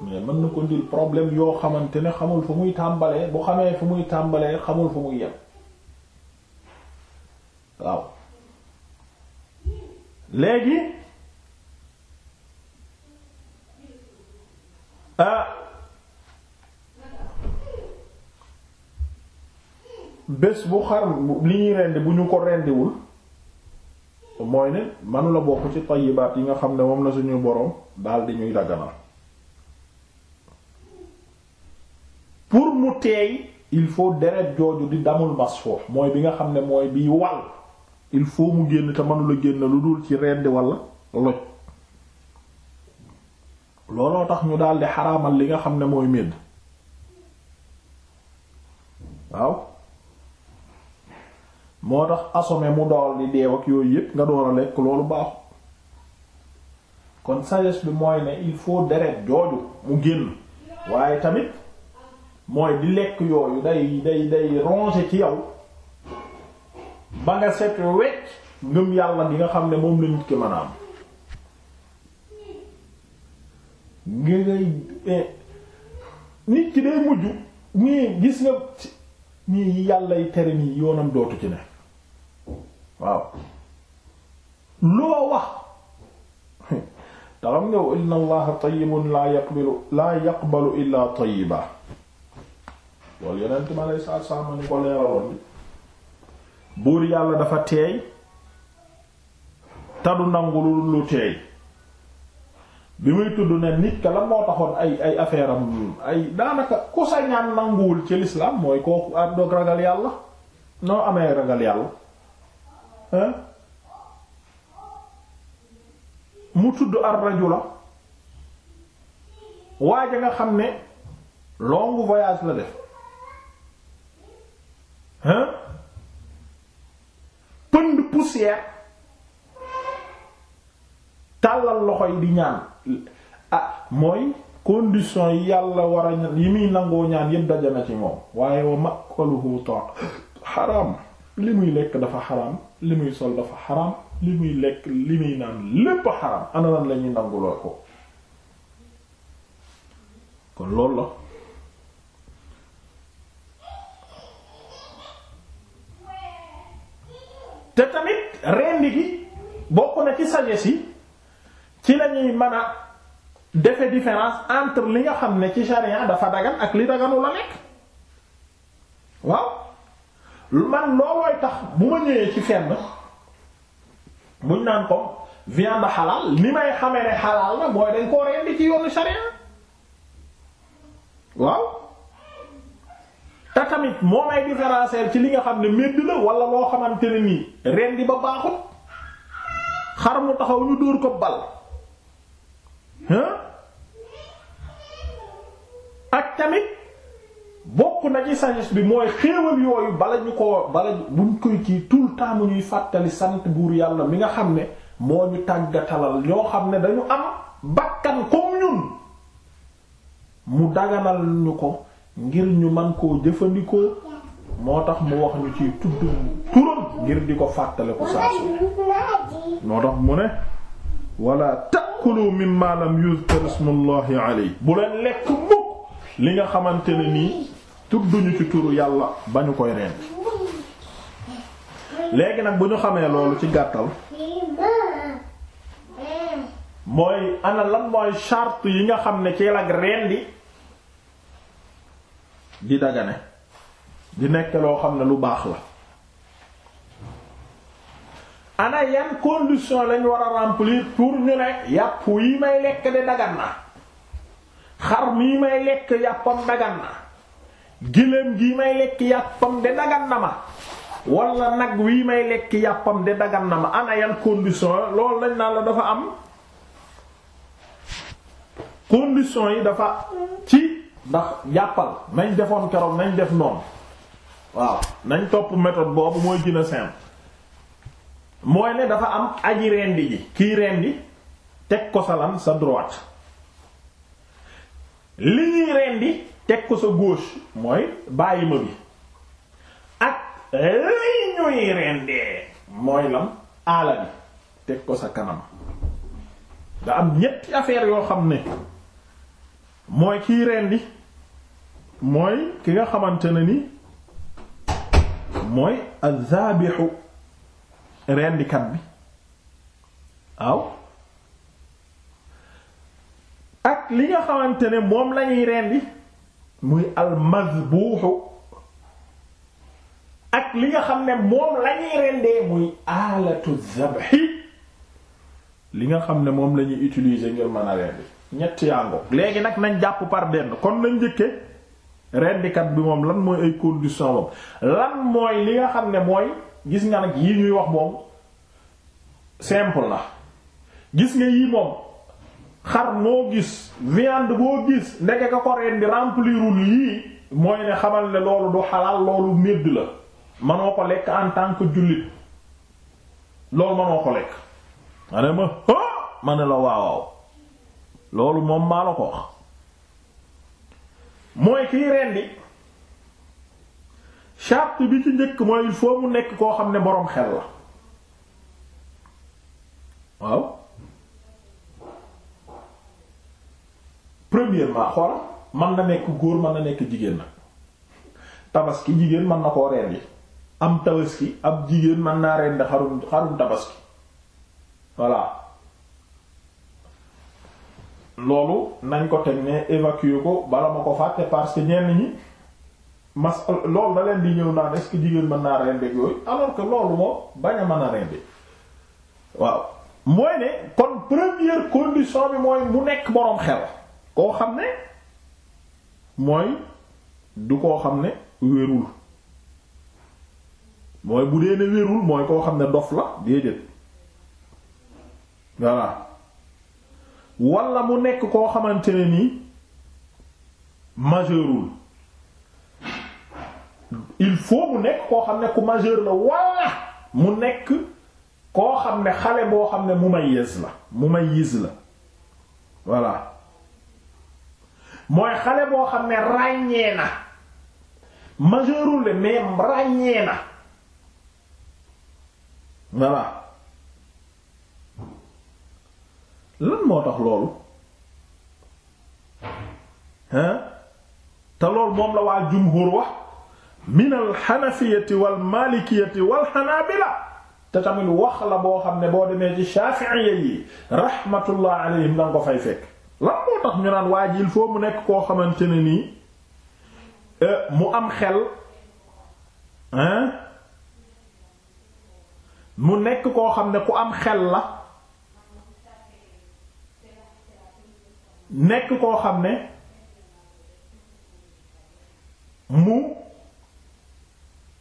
mais mën na ko indil problème yoo xamante ne xamul fu muy tàmbalee bu xamee fu muy tàmbalee xamul fu muy yem waaw léegi ah bés bu xar li ñuy rendi bu ñu ko rendiwul mooy ne manula bokk ci tayyibaat yi nga xam ne moom na suñu boroom daal di ñuy dagganal pour mu teey il faut deret jooju di damul masfoox mooy bi nga xam ne mooy biy wal il faut mu génn te mënula génn lu dul ci rendi walla loj looloo tax ñu daldi xaraamal li nga xam ne mooy médd waaw moo tax asome mu dool di deew ak yooyu yépp nga door a lekk loolu baaxul kon sagesse bi mooy ne il faut deret jooju mu génn waaye tamit mooy di lekk yooyu day day day ronger ci yow ba nga set wecc ngëm yàlla bi nga xam ne moom la nit ki mën a am nga eh, nit ki day mujj nii gis nga nii yàlla yi tere nii yoonam dootu ci ne waaw loo wax te xam nga inna allaha tayyibun laa yaqbalu laa yaqbalu illaa tayyiba loolu yeneen ma lay saa saa ma ni ko leeraloon buur yàlla dafa teey te nangu lu teey bi muy tudd ne nit ka la moo taxoon ay ay affaire am ay daanaka ku sa ñaan nanguwul ci lislaam mooy kooku ak ah, ragal yàlla noo amee ragal yàlla hein mu tudd ar-rajula waaja nga xam ne long voyage la def hein pënd poussière tàllal loxo yi di ñaan ah mooy condition yi yàlla war a yi muy nangoo ñaan yépp daje na ci moom waaye wa makaluhu ta xaraam li muy lekk dafa xaraam li muy sol dafa xaraam li muy lekk li muy naan lépp xaraam ana lan la ñuy nanguloo ko kon loolu la te tamit rendi gi bokk na ci sagesse yi ci lañuy mën a defe différence entre li nga xam ne ci charia dafa dagan ak li daganu la nekk waaw man loolooy tax bu ma ñëwee ci fenn buñ naan ko viande xalaal li may xamee ne xalaal na mooy dañ koo rendi ci yoonu charia waaw te tamit moo may différencier ci li nga xam ne medd la wala loo xamante ne nii ren di ba baaxut xar mu taxaw ñu dóor ko bal ak tamit bokk na ci sagesse bi mooy xéewal yooyu bala ñu ko bala buñ koy kii tout le temps mu ñuy fàttali sant buur yàlla mi nga xam ne moo ñu tàggatalal ñoo xam ne dañu am bakkan comme ñun mu daganal ñu ko ngir ñu man koo jëfandikoo moo tax mu wax ñu ci tudd turam ngir di ko fàttaliku saa su moo tax mu ne wala takulu mimma lam yuzkar ismullahi alayhi bu leen lekk mukk li nga xamante ne nii tudduñu ci turu yàlla ba ñu koy reen léegi nag bu ñu xamee loolu ci gàttal mooy ana lan mooy charte yi nga xam ne ci lag rendi di dagane di nekk loo xam ne lu baax la ana yan condition lañ war a remplir pour ñu yàpp yi may lekk de dagan na xar mii may lekk yàppam dagan na giléem gi may lekk yàppam de dagan na ma wala nag wii may lekk yàppam de dagan na ma ana yan condition loolu lañ naa la dafa am condition yi dafa ci ndax jàppal nañ defoon keroog nañ def noonu waaw nañ topp méthode boobu mooy gën a simple mooy ne dafa am aji rendi ji kiy rendi teg ko sa lan sa droite li ñuy rendi teg ko sa gauche mooy bàyyi ma bi ak li ñuy rendee mooy lan aala teg ko sa kanam da am ñetti affaire yoo xam ne mooy kiy rendi mooy ki nga xamante ne ni mooy azabixu rendikat bi waaw ak li nga xamante ne moom lañuy rendi muy almazbuuxu ak li nga xam ne moom lañuy rendee muy alatu zabxi li nga xam ne moom lañuy utiliser ngir mën a rendi ñett yaa ngoog léegi nag nañ jàpp par benn kon nañ njëkke rendikat bi moom lan mooy ay condition moom lan mooy li nga xam ne mooy gis nga nag yii ñuy wax moom simple la gis nga yii moom xar moo gis viande boo gis ndeke ka ko rendi remplirul yii mooy ne xamal ne loolu du xalaal loolu médd la manoo ko lekk en tant que jullit loolu manoo ko lekk ma ne ah! la waawaaw loolu moom maa la ko mooy kiy rendi charte bi ci njëkk mooy il mu nekk koo xam ne boroom xel la waaw premièrement xool man na nekk góor man na nekk jigéen nag tabaski jigéen man na koo rendi am tabaski ab jigéen man naa rendi xarum xarum tabaski voilà loolu nañ ko teg ne évacuer ko bala ma ko fàtte parce que ñenn ñi mas loolu da di ñëw naan est-ce jigéen mën naa rende yooyu alors que loolu moom bañ a mën a rende waaw mooy ne kon première condition bi mooy mu nekk boroom xel koo xam ne mooy du koo xam ne wérul mooy bu dee ne wérul mooy koo xam ne dof la déedéet voilà wala mu nekk koo xamante ne nii majeurul il faut mu nekk koo xam ne ku major la wala mu nekk koo xam ne xale boo xam ne mumayyiz la mumayyiz la voilà mooy xale boo xam ne ràññee na majeurul la mais ràññee na voilà lan moo tax loolu hein te loolu moom la waa jumhur wax min alxanafiyati walmalikiyati walxanaabila te tamit wax la boo xam ne boo demee ci shaafi'iyya yi rahmatullah alayhim danga ko fay fekk lan moo tax ñu naan waa ji mu nekk koo xamante ne nii euh, mu am xel mu nekk koo xam ne ku am xel la nekk koo xam ne mu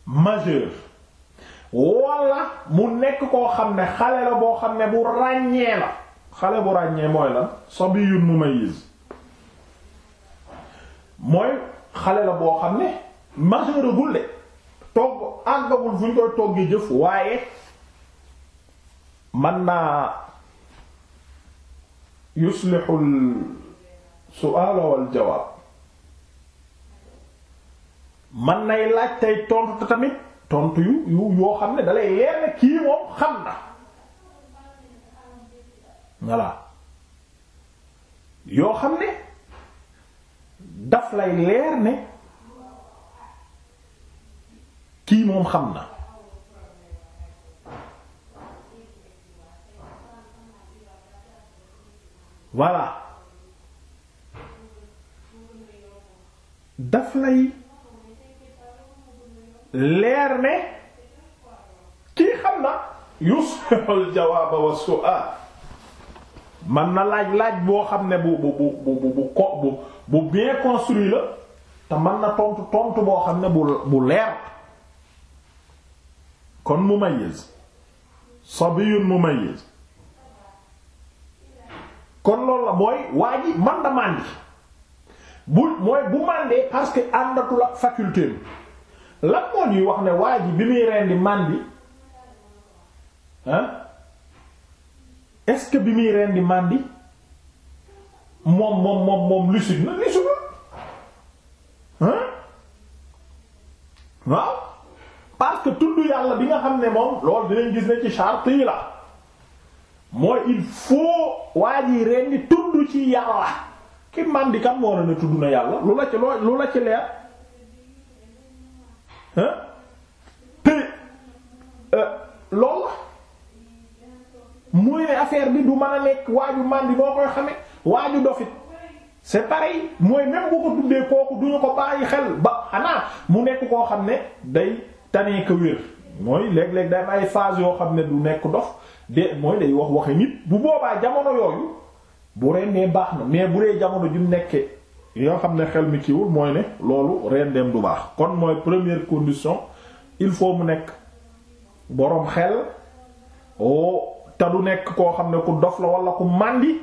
majeur walla mu nekk koo xam ne xale la boo xam ne bu ràññee la xale bu ràññee mooy la sabiyun mumayyiz mooy xale la boo xam ne majeuragul de togg àggawul fu ñu koy toggee jëf waaye man naa yuslixul su wal jawaab man nay laaj tey tontu tamit tontu yu yoo xam ne dalay leer kii moom xam na voilà yoo xam ne daf lay leer ne kii moom xam na voilà daf lay leer ne kii xam na yuslihul jawaaba wa su'aal man na laaj laaj boo xam ne bu bu bu bu bu ko bu bu bien construit la te mën na tontu tontu boo xam ne bu bu leer kon mumayyiz sabiyun mumayyiz kon loolu la mooy waa ji man da màndi bul mooy bu màndee parce que àndatu la faculté lan moo ñuy wax ne waa ji bi muy rendi màndi hein est-ce bi muy rendi màndi moom moom moom moom lucide lucide waaw parce que tudd yàlla bi nga xam ne moom loolu dinañ gis ne ci charte yi la mooy il faut waa yi rendi tudd ci yàlla ki màndi moo ne ne tudd na yàlla lu la ci lu la ci leer hein euh, loolu mooy ne affaire bi du mën a nekk waaju màndi moo koy xame waaju dofit c'est pareil mooy même ko tuddee kooku duñu ko bàyyi xel ba xanaa mu nekk koo xam ne day tanee ko wér mooy léeg-léeg day am yoo xam ne du nekk dof de mooy day wax waxe nit bu boobaa jamono yooyu bu rendee baax na mais bu dee jamono ju nekkee yoo xam ne xel mi kiiwul mooy ne loolu rendeem du baax kon mooy première condition il faut mu nekk boroom xel oo oh, te du nekk koo xam ne ku dof la wala ku màndi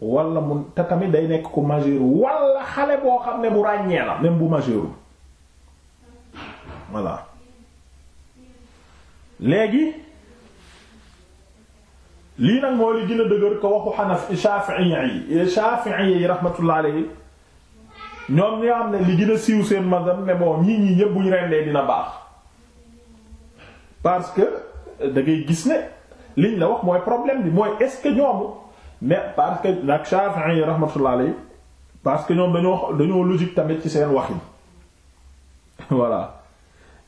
walla mu te tamit day nekk ku majeur wala xale boo xam ne bu ràññee la même bu majeurul voilà léegi lii nag mooy li gën dëgër ko waxu xanaf shafi'i yi shafi'i yi rahmatullah alayhi ñoom ñoo xam ne li gën a siiw seen mazhab ne bon ñii ñi ñëpp bu ñu rendee dina baax parce que dangay gis ne liñ la wax mooy problème bi mooy est-ce que ñoom mais parce que nag shafi'i yi rahmatullah alayhi parce que ñoom dañoo dañoo logique tamit ci seen waxin voilà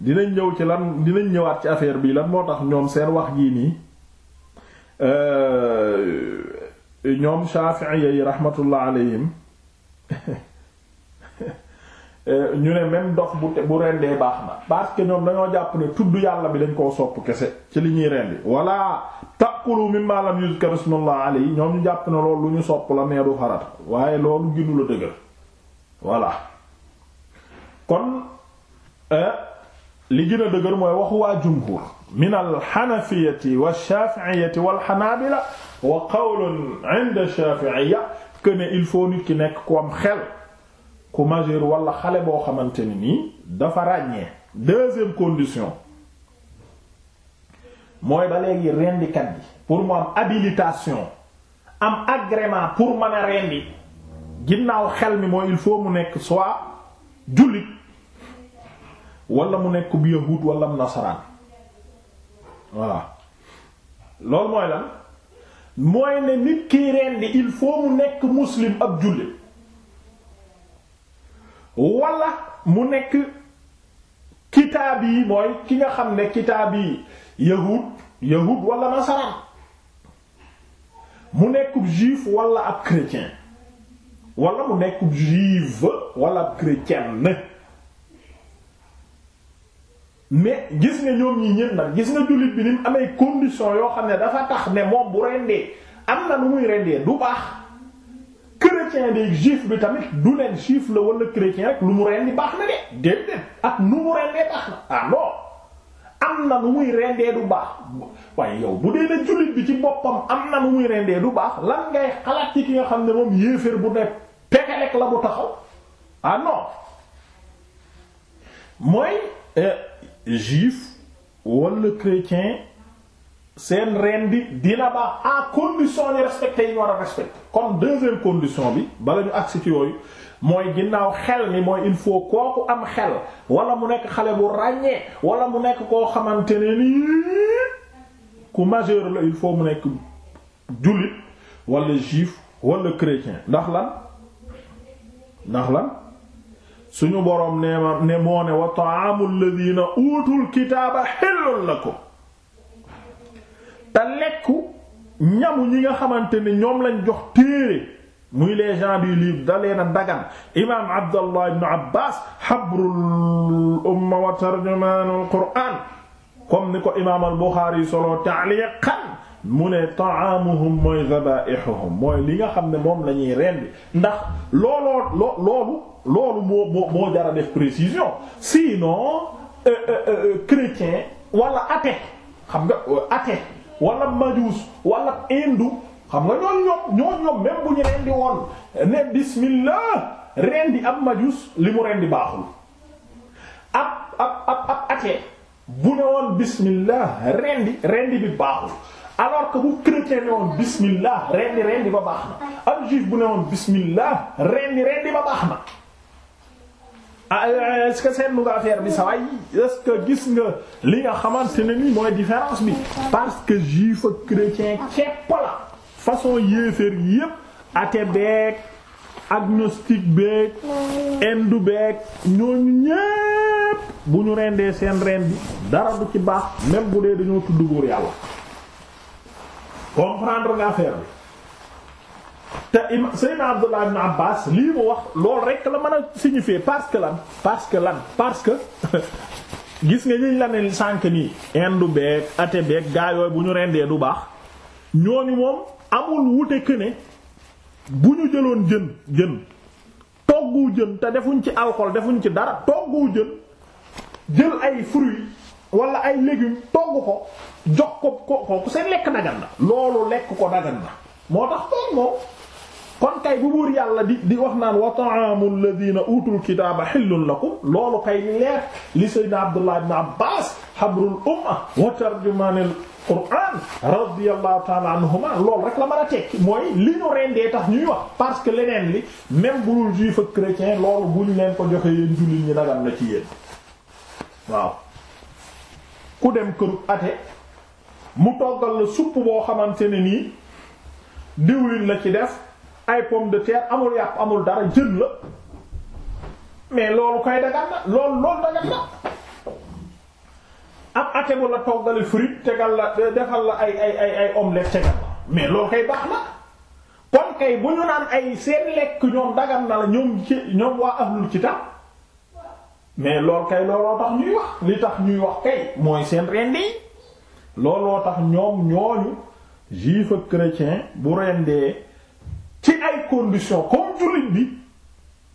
dinañ ñëw ci lan dinañ ñëwaat ci affaire bii lan moo tax ñoom seen wax jii nii Euh, ñoom Shafi'i yi rahmatullah alayhim euh, ñu ne même dox bu bu rendee baax na parce ñoom dañoo jàpp ne tudd yàlla bi dañ koo sopp kese ci li ñuy rendi wala taqulu mimma lam yuzkar ismullah alayhi ñoom ñu jàpp ne loolu lu ñu sopp la mais farata waaye loolu ginu la dëgër voilà kon euh, li gën a dëgër mooy waxu waa jumhur min alxanafiyati walshaafiiyati walxanaabila wa qawlun inda shaafiiya que ne il faut nit ki nekk ku am xel ku majeur wala xale boo xamante ne nii dafa ràññee deuxième condition mooy ba léegi rendikat bi pour mu am habilitation am agrément pour mën a rendi ginnaaw xel mi mooy il faut mu nekk soi jullit wala mu nekk bu yahuud wala mu nasaraan voilà loolu mooy lan mooy ne nit kiy rendi il faut mu nekk muslim ab jullit wala mu nekk kitaab yi mooy ki nga xam ne kitaab yi yahuud yahuud wala nasaraan mu nekkub juif wala ab chrétien wala mu nekkub juive wala ab chrétien mais gis nga ñoom ñi ñépp nag gis nga jullit bi ni mu amee condition yoo xam ne dafa tax ne moom bu rendee am na lu muy rendee du baax chrétien de juif bi tamit du leen juif la wala chrétien rek lu mu rendi baax na de déedéet ak nu mu rendee baax na ah am na lu muy rendee du baax waaye yow bu dee na jullit bi ci boppam am na lu muy rendee du baax lan ngay xalaat ci ki nga xam ne moom yéeféer bu ne pekelek la bu taxaw ah non mooy. Euh, juif wala chrétien seen reen bi dina baax à condition ñu respecté yi ñu war a respecté kon deuxième condition bi bala ñu agsi ci yooyu mooy ginnaaw xel mi mooy il faut kooku am xel wala mu nekk xale bu ràññee wala mu nekk koo xamante ne ni ku majeur la il faut mu nekk jullit walla juif wala chrétien ndax lan ndax lan suñu boroom ne moo ne wa ta'aamu alladhiina uutul kitaaba hillun lakum te lekku ñamu ñi nga xamante ne ñoom lañ jox téere muy les gens du livre da leen a dagan imaam Abdallah ibn Abbaas habrul umma wa tarjumaanul qur'aan comme ni ko imaam al solo ta'liiqan mu ne ta'aamuhum mooy zabaa'ihuhum mooy li nga xam ne moom lañuy ñuy rendi ndax loolu loolu moo moo moo jara def précision sinon euh, euh, euh, chrétien wala athée xam nga athée wala majuus wala hindu xam nga ñooñu ñoom ñooñu ñoom bu ñu rendi woon ne bismillah rendi ab majuus li mu rendi baaxul ab ab ab ab athée bu ne woon bismillah rendi rendi bi baaxul alors que bu chrétien ne woon bismillah rendi ba baax na ab bu ne woon bismillah rendi rendi ba baax na Ah, euh, est-ce que seetlu nga affaire bi saway est-ce que gis nga li nga xamante ne ni mooy différence bi parce que juif ak chrétien képp la façon yéeféer yépp athée beeg agnostique beeg hindu beeg ñooñu ñépp bu ñu rendee seen reen bi dara du ci baax même bu dee dañoo tudd buur yàlla comprendre nga affaire bi te ima Seydina Abdullah ibn Abbas lii mu wax loolu rek la mën a signifier parce que lan parce que lan parce que gis nga ñiñ la ne sànq nii indu beeg ate beeg gaa bu ñu rendee du baax ñooñu moom amul wute que bu ñu jëloon jën jën toggu jën te defuñ ci alcool defuñ ci dara toggu jën jël ay fruits wala ay légumes togg ko jox ko ko ko seen lekk dagan na loolu lekk ko dagan na moo tax toog moom kon kay bu buur yàlla di di wax naan wa ta'aamu alladhina utul kitaaba xillun lakum loolu kay leer li sayyidina abdullah ibn abbas habrul umma wa tarjumaanil qur'an radiyallahu ta'ala anhuma loolu rek la mën a tekki mooy li ñu rendee tax ñuy wax parce que leneen li même bu dul juif ak chrétien loolu buñ leen ko joxe yéen jullit ñi nagam na ci yéen waaw ku dem këru ate mu toggal la supp boo xamante ne nii diwlin la ci def ay pomme de terre amul yàpp amul dara jën la mais loolu koy dagan na loolu loolu dagan na am ate bu la toggali frite tegal la defal la ay ay ay omelette tegal la mais loolu koy baax na kon kay bu ñu naan ay seen lekk ñoom dagan na la ñoom ci ñoom waa ahlul kitab mais loolu kay looloo tax ñuy wax li tax ñuy wax kay mooy seen rendi looloo tax ñoom ñooñu juif ak chrétien bu rendee ci ay condition comme jullit bi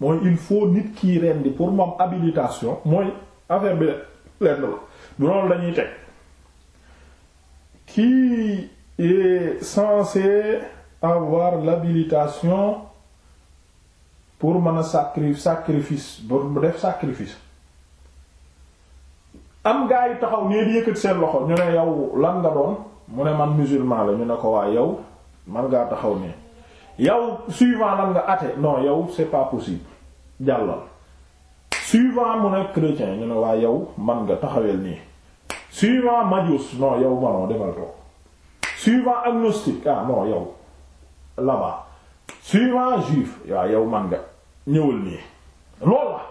mooy il faut nit kii rendi pour moom habilitation mooy affaire bi lenn la du noonu lañuy teg qui est censé avoir l'habilitation pour mën a sacri sacrifice pour mu def sacrifice am gaa yi taxaw nee di yëkkat seen loxo ñu ne yow lan nga doon mu ne man musulman la ñu ne ko waaye yow man ngaa taxaw nii yow suivant lan nga athée non yow c'est pas possible jàllal suivant mu ne chrétien ñu ne waa yow man nga taxawel nii suivant majus non yow manoo defal toog suivant agnostique ah non yow là suivant juif waaw yow man nga ñëwal nii lool la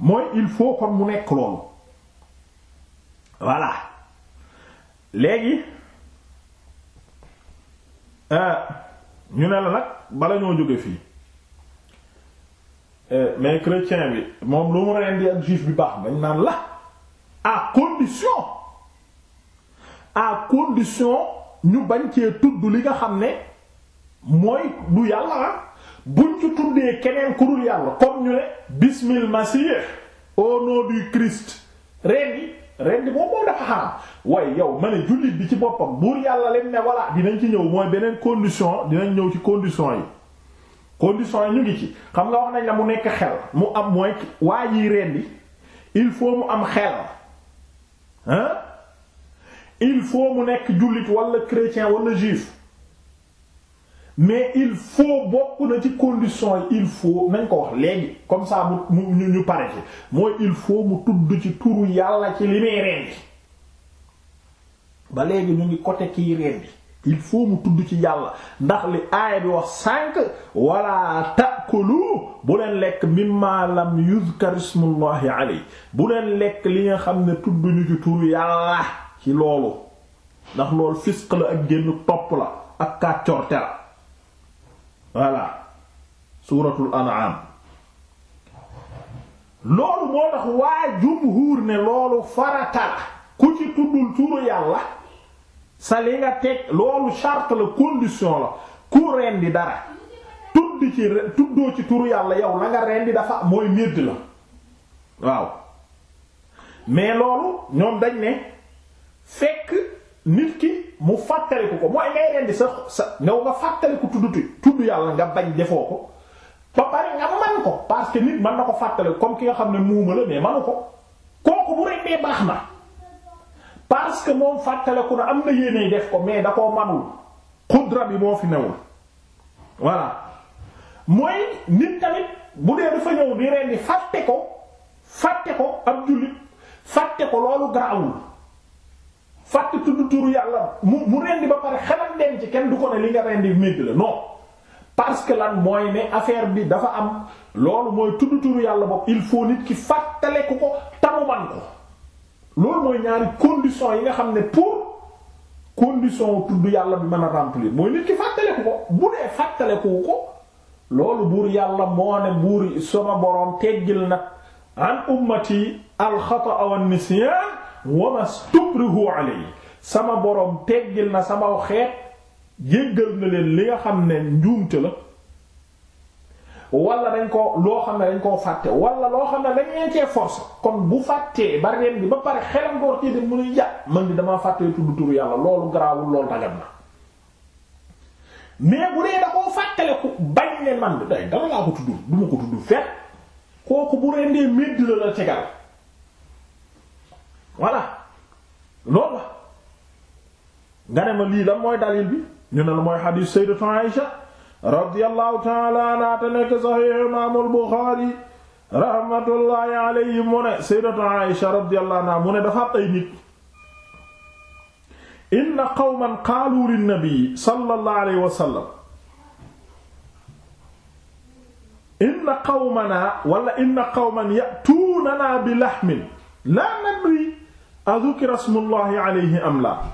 mooy il faut kon mu nekk loolu voilà léegi euh, ñu ne la nag bala ñoo jóge fii eh, mais chrétien bi moom lu mu rendi ak juif bi baax dañ naan la à condition à condition ñu bañ cee tudd li nga xam ne mooy du yàlla ah buñ ci tuddee keneen kurul dul yàlla comme ñu ne bismil masih o nom du Christ rendi rendi moom moom dafa xaraam waaye yow ma ne jullit bi ci boppam buur yàlla leen ne voilà dinañ ci ñëw mooy beneen condition dinañ ñëw ci condition yi condition yi ñu ngi ci xam nga wax nañ la mu nekk xel mu am mooy waa yi rendi il faut mu am xel hein il faut mu nekk jullit walla chrétien wala juif mais il faut bokk na ci condition il faut nañ ko wax léegi comme ça mu mu ñu pare ci mooy il faut mu tudd ci turu yàlla ci li muy rendi ba léegi ñu ngi côté kiy rendi il faut mu tudd ci yàlla ndax li aaya bi wax sànq walla takulu bu leen lekk mimma lam yuzkar ismullahi alay bu leen lekk li nga xam ne tudd ñu ci turu yàlla ci loolu ndax loolu fisq la ak génn topp la ak kàccorte la voilà suuratul an'am loolu moo tax waa jumhuur ne loolu farata ku ci tuddul tuuru yàlla sa li nga teg loolu charte la condition la ku rendi dara tudd ci tuddoo ci tuuru yàlla yow la nga rendi dafa mooy médd la waaw mais loolu ñoom dañ ne fekk nit ki mu fàttaliku ko mooy ngay rendi sa sa nga nga fàttaliku tudd tudd yàlla nga bañ defoo ko ba pare nga man ko parce que nit man na ko fàttaliku comme ki nga xam ne muuma la mais manu ko kooku bu rendee baax na parce que moom fàttaliku na am na yéene def ko mais da koo manul xudra bi moo fi newul voilà mooy nit tamit bu dee dafa ñëw di rendi fàtte ko fàtte ko ab jullit fàtte ko loolu garawul fàtt tudd turu yàlla mu mu rendi ba pare xelam dem ci kenn du ko ne li nga rendi médd la non parce que lan mooy ne affaire bi dafa am loolu mooy tudd turu yàlla bopp il faut nit ki fàttaleku ko tamu man ko loolu mooy ñaari condition yi nga xam ne pour condition tudd yàlla bi mën a remplir mooy nit ki fàttaleku ko bu dee fàttaleku ko loolu buur yàlla moo ne buur sama boroom teggil nag an ummati al xata wa mastubrihu alayhi sama boroom teggil na sama xeet jéggal na leen li nga xam ne njuumte la wala dañ ko loo xam ne dañ koo fàtte wala loo xam ne dañ leen cee kon bu fàttee ba reen bi ba pare xelam koor ci de mun a yàq man di damaa fàttee tudd yàlla loolu garaawul loolu dagat na mais bu dee da koo fàttaleku bañ ne man day dama laa ko tudd duma ko tudd fet kooku bu rendee médd la la tegal voilà loolu la nga ne ma lii lan mooy dalil bi ñu ne la mooy xadiis sayyidatu Aïsha radiyallahu ta'ala anha te nekk saxiix imaamul Buxaari rahmatullahi alayhi mu ne sayyidatu Aïsha radiyallahu anha mu ne dafa am ay nit inna qawman qaalu linnabi sallallahu alayhi wa sallam inna qawmana wala inna qawman ya'tuunana bi laxmin laa nadri adukira smullahi alayhi am la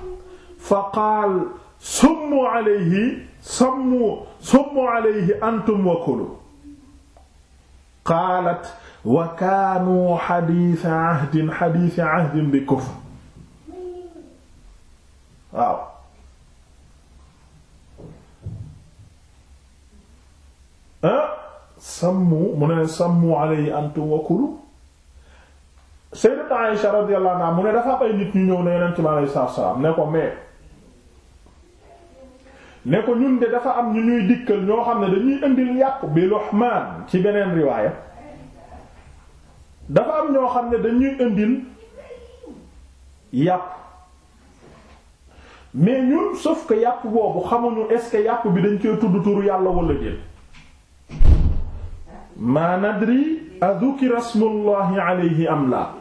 fa qaal summu alayhi sammu summu alayhi antum wa kulu qaalat wa kaanu xadiisa ahdin xadiisa ahdin bi kufr waaw sammu mu ne sammu alayhi antum wa kulu Sayyidatu Aïsha radiyallahu anha mu ne dafa am ay nit ñu ñëw ne Yonent bi alayhi salaam ne ko mais ne ko ñun de dafa am ñu ñuy dikkal ñoo xam ne dañuy indil yàpp bi luhmaan ci beneen riwaaya dafa am ñoo xam ne dañuy indil yàpp mais ñu sauf que yàpp boobu xamuñu est-ce yàpp bi dañ koy tudd turu yàlla wala jël ma nadri azukira ismullahi alayhi am la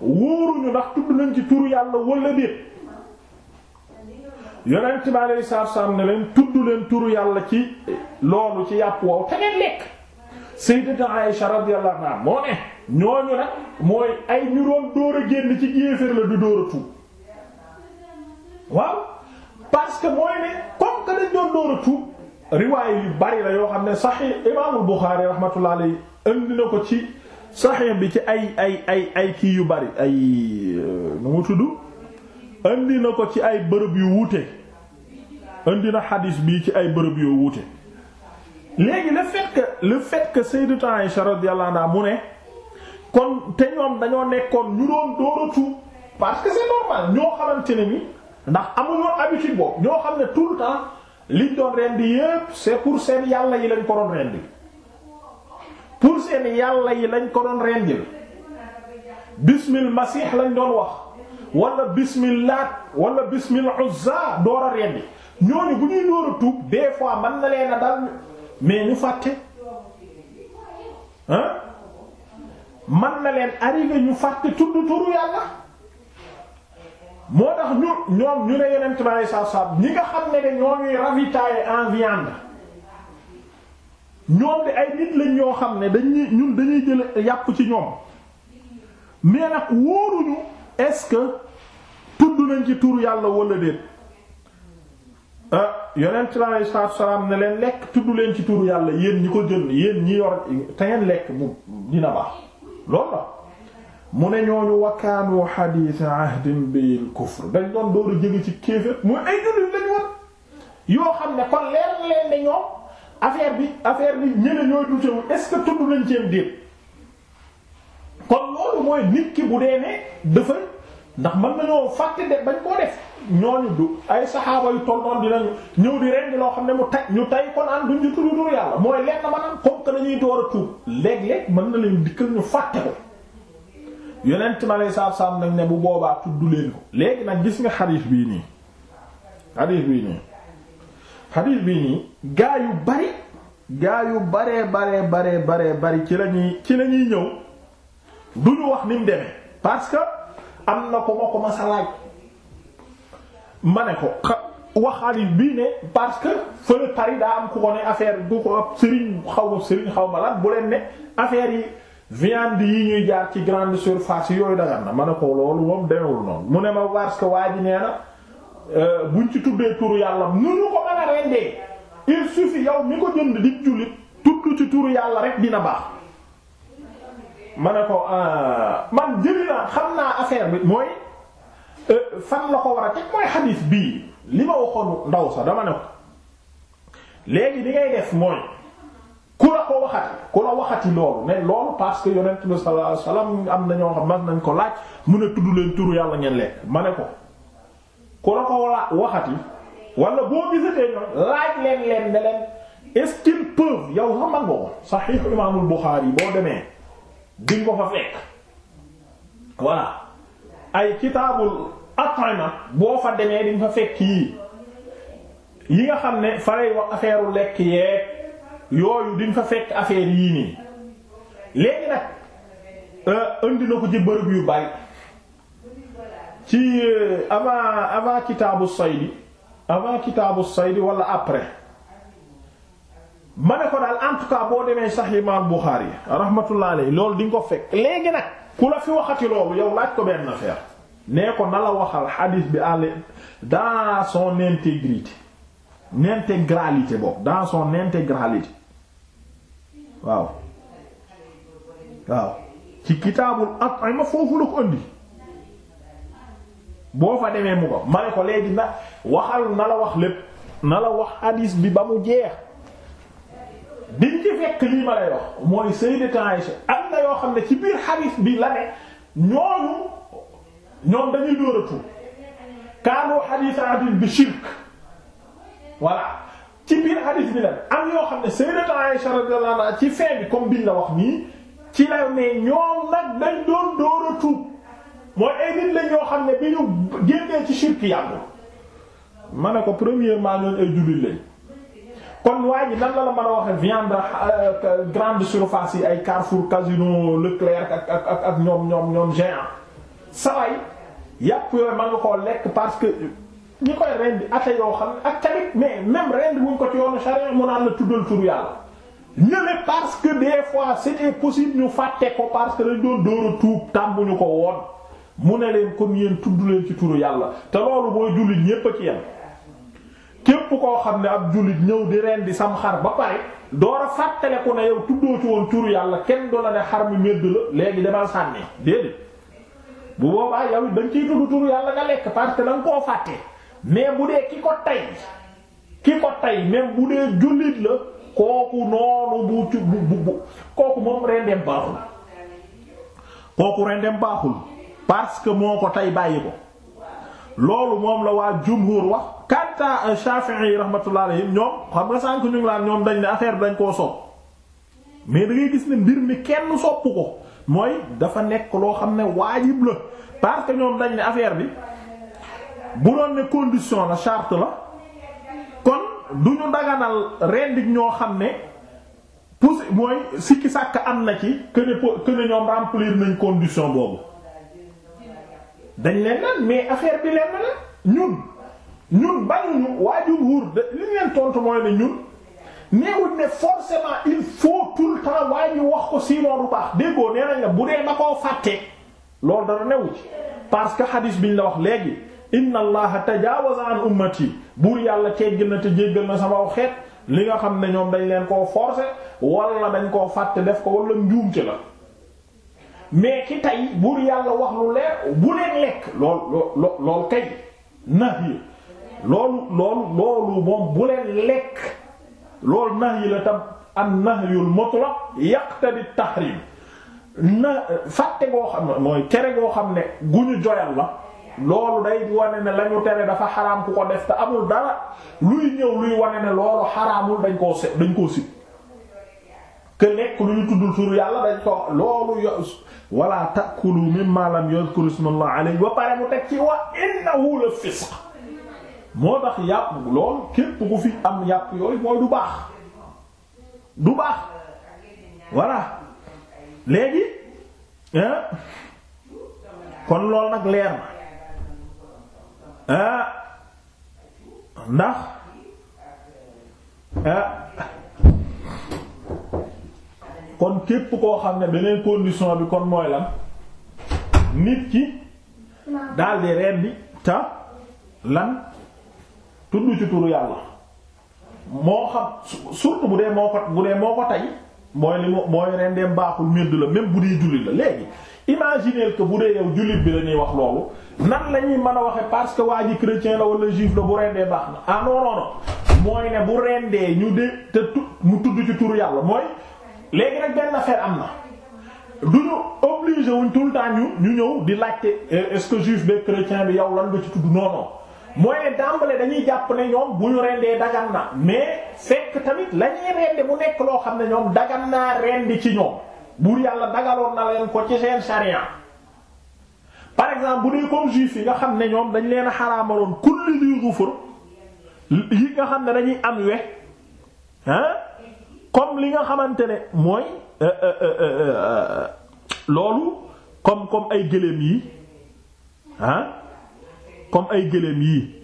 wóoruñu ndax tudd nañ ci turu yàlla wala déet yonent bi alayhi salaatu salaam ne tudd leen turu yàlla ci loolu ci yàpp wow te ngeen lekk sayyidatu Aisha radiyallahu anha moo ne ñooñu nag mooy ay ñu doon dóor a génn ci yéeféer la du dóor a tuub waaw parce mooy ne comme que dañ doon a tuub riwaay bari la yoo xam ne sax Imaamul Buxaari rahmatullahi alayhi indi ko ci saxiix bi ci ay ay ay ay kii yu bari ay nu mu tudd indi na ko ci ay bërëb yu wuute indi na xadiis bii ci ay bërëb yu wuute léegi le fait que le fait que Sayyidatu Aïsha radiyallahu mu ne kon te ñoom dañoo nekkoon ñu doon dóoratu parce que c'est normal ñoo xamante ne ni ndax amuñoon habitude boobu ñoo xam ne tout le temps liñ doon rendi yépp c'est pour seen yàlla yi lañ ko doon rendi pour seen yàlla yi lañ ko doon rendil bismil masiix lañ doon wax wala bismil laat wala bismil uzza door a rendi ñooñu bu ñuy door a tuub des fois man na leen a mais ñu fàtte ah mën na leen ñu fàtte tudd turu yàlla moo tax ñu ñoom ñu ne yeneen tubaab yi saaf saaf ñi nga xam ne ne ñoo ñuy ravitailler en viande. ñoom di ay nit lañ yoo xam ne dañuy ñun dañuy jël yàpp ci ñoom mais nag wóoruñu est-ce que tudd nañ ci tur yàlla wala déet ah yonent bi alayhi salaatu salaam ne leen lekk tudd leen ci tur yàlla yéen ñi ko jël yéen ñi yor te ngeen lekk bu dina baax loolu la mu ne ñooñu wakkaanu xadiis ahdin bil kufr dañ doon dooru jege ci kéefër mooy ay jullit lañu woon yoo xam ne kon leer leen ne ñoom. affaire bi affaire bi ñeneen ñooy duutewul est-ce que tudd nañ ceeb déet kon loolu mooy nit ki bu dee ne dafa ndax mën nañoo fàtte de bañ koo def ñooñu du ay saxaaba yu toll noonu dinañu ñëw di rendi loo xam ne mu tay ñu tay kon an duñ ñu tudd turu yàlla mooy lenn maanaam comme que dañuy door a tuub léeg-léeg mën na leen dikkal ñu fàtte ko yonent ma lay saab saab nañ ne bu boobaa tudd leen ko léegi nag gis nga xadiis bii nii xadiis bii nii. xadiis bi nii gaa yu bari gaa yu baree baree baree baree bari ci lañuy ci lañuy ñëw du ñu wax ni mu parce que am na ko ma ko ma sa ma ne ko wax xadiis bii ne parce que fële Paris daa am ku ko ne affaire du ko ab sëriñ xaw ma sëriñ xaw ma lan bu leen ne affaire yi viande yi ñuy jaar ci grande surface yooyu dagan na ma ne ko loolu moom demewul noonu mu ne ma parce que waa ji nee na Euh, buñ ci tuddee turu yàlla nu ñu ko mën a rendee il suffit yow mi ko jënd di jullit tudd ci turu yàlla rek dina baax ma ne ko ah, man jëli naa xam naa affaire bi mooy euh, fan la ko war a teg mooy xadiis bii li ma waxoon ndaw sa dama ne ko léegi li ngay def mooy ku la ko waxati ku la waxati loolu ne loolu parce que yonent bi sallallahu alayhi wasallam am na ñoo xam man nañ ko laaj mu ne tudd leen turu yàlla ngeen lekk ma ne ko ku la ko waxati wala boo gisatee ñoom laaj leen leen ne leen est yow sax man ko Sahih Imam boo demee di nga ko fa fekk voilà ay kitaabul at'ima boo fa demee di nga fa fekk yii yi nga xam ne fa lay wax affaire lekk yeeg yooyu di fa fekk affaire yii nii léegi nag euh, indi na ko ci bërëb yu bari. ci euh, avant avant kitaabu saydi avant kitaabu saydi wala après ma ne ko daal en tout cas boo demee sax imaam Buxaari rahmatullah alayhi loolu di nga ko fekk léegi nag ku la fi waxati loolu yow laaj ko benn affaire nee ko na la waxal xadiis bi àll dans son intégrité boobu dans son intégralité waaw waaw ci kitaabul at'ima foofu la ko indi boo fa demee mu ko ma ko léegi na waxal na la wax lépp na la wax hadis bi ba mu jeex diñ ci fekk lii ma lay wax mooy sayyidatu Aisha am na yoo xam ne ci biir hadis bi la ne ñooñu ñoom dañuy dóor a tuub kaanu hadisatin bi shirk voilà ci biir hadis bi la am yoo xam ne sayyidatu Aisha radiyallahu anha ci fin bi comme biñ la wax nii ci la ne ñoom nag dañ doon dóor mooy ay nit yoo xam ne bi ñu génnee ci shirk yàggu ma ne ko premièrement ñooñu ay jullit lañ kon waa ji nan la la mën a waxe viande euh, grande surface yi ay Carrefour Casino Leclerc ak ak ak ak ñoom ñoom ñoom géant saway yàpp yooyu mën nga koo lekk parce que ñi koy rendi ate yoo xam ne ak tamit mais même rendi buñ ko ci yoonu charia mu naan la tuddal tur yàlla ñële parce que des fois es possible ñu fàtte ko parce que dañ doon dóor a tuub tàmbuñu ko woon mu ne leen kon yéen tudd leen ci turu yàlla te loolu mooy jullit ñépp a ci yem képp koo xam ne ak jullit ñëw di rendi sam xar ba pare door a fàttaleku ne yow tuddoo ci woon turu yàlla kenn doo la ne xar mi medd la léegi demal sànni déedéet bu boobaa yow dañ ciy tudd turu yàlla nga lekk parce que dañ koo fàtte mais bu dee ki ko tay ki ko tay même bu dee jullit la kooku noonu bu bu bu kooku moom rendeem baaxul kooku rendeem baaxul. parce que moo ko tey bàyyi ko loolu moom la waa jumhur wax kanta yi rahmatullah alayhim ñoom xam nga sànk ñu ngi laan ñoom dañ ne affaire bi dañ koo sopp mais da gis ne mbir mi kenn sopp ko mooy dafa nekk loo xam ne waajib la parce que ñoom dañ ne affaire bi bu doon ne condition la chart la kon du ñu daganal rendik ñoo xam ne pousse mooy sikki sàkk am na ci que ne que ne ñoom remplir nañ condition boobu dañ leen naan mais affaire bi leen na ñun ñun bañuñu waa jumhuur de li leen tontu mooy ne ñun neewul ne forcément il faut tout le temps waaye wax ko sinon du baax déggoo nee nañ la bu dee da koo fàtte loolu dara newu ci parce que hadis biñ la wax léegi inna allaha tajaawaza an ummati buur yàlla tegg na te jéggal na sama xeet li nga xam ne ñoom dañ leen koo forcer wala dañ koo fàtte def ko wala njuumte la mais ki tey buur yàlla wax lu leer bu leen lekk lool loo lool kay nax yi loolu loolu loolu moom bu leen lekk lool nax yi la tam am nahyul mutlaq yaqtadi tahrim na fàtte goo xam ne mooy tere goo xam ne gu ñu joyal la loolu day wane ne la ñu tere dafa xaraam ku ko def te amul dara luy ñëw luy wane ne loolu xaraamul dañ koo se dañ koo que nekk lu ñu tuddul tur yàlla dañ ko loolu yo wala ta'kulu mimma lam yadhkur ismallah alayhi ba pare mu teg ci wa innahu la fisq moo tax yàpp loolu képp ku fi am yàpp yooyu mooy du baax du baax voilà léegi kon loolu nag leer na ndax kon képp koo xam ne beneen condition bi kon mooy lan nit ki daldi rendi te lan tudd ci turu yàlla moo xam surtout bu dee moo ko bu dee moo ko tey mooy li mooy rendeem baaxul médd la même bu dee jullit la léegi imaginez que bu dee yow jullit bi la ñuy wax loolu nan la ñuy mën a waxe parce que waa ji chrétien la wala juif la bu rendee baax na ah non mooy ne bu rendee ñu de te tu mu tudd ci turu yàlla mooy léegi nag benn affaire am na du ñu obligé wuñ tout le temps ñu ñu ñëw di laajte eh, est-ce que juif be chrétien bi yow lan nga ci tudd non non mooy ne dañuy jàpp ne ñoom bu ñu rendee dagal na mais fekk tamit la ñuy rende mu nekk loo xam ne ñoom dagal naa rendi ci ñoom buur yàlla dagaloon na leen ko ci seen sariya par exemple bu duñu comme juif yi nga xam ne ñoom dañ leen a xaraamaloon kulli di gufur yi nga xam ne dañuy am we ah comme li nga xamante ne mooy euh, euh, euh, loolu comme comme ay gëléem yi ah comme ay gëléem yi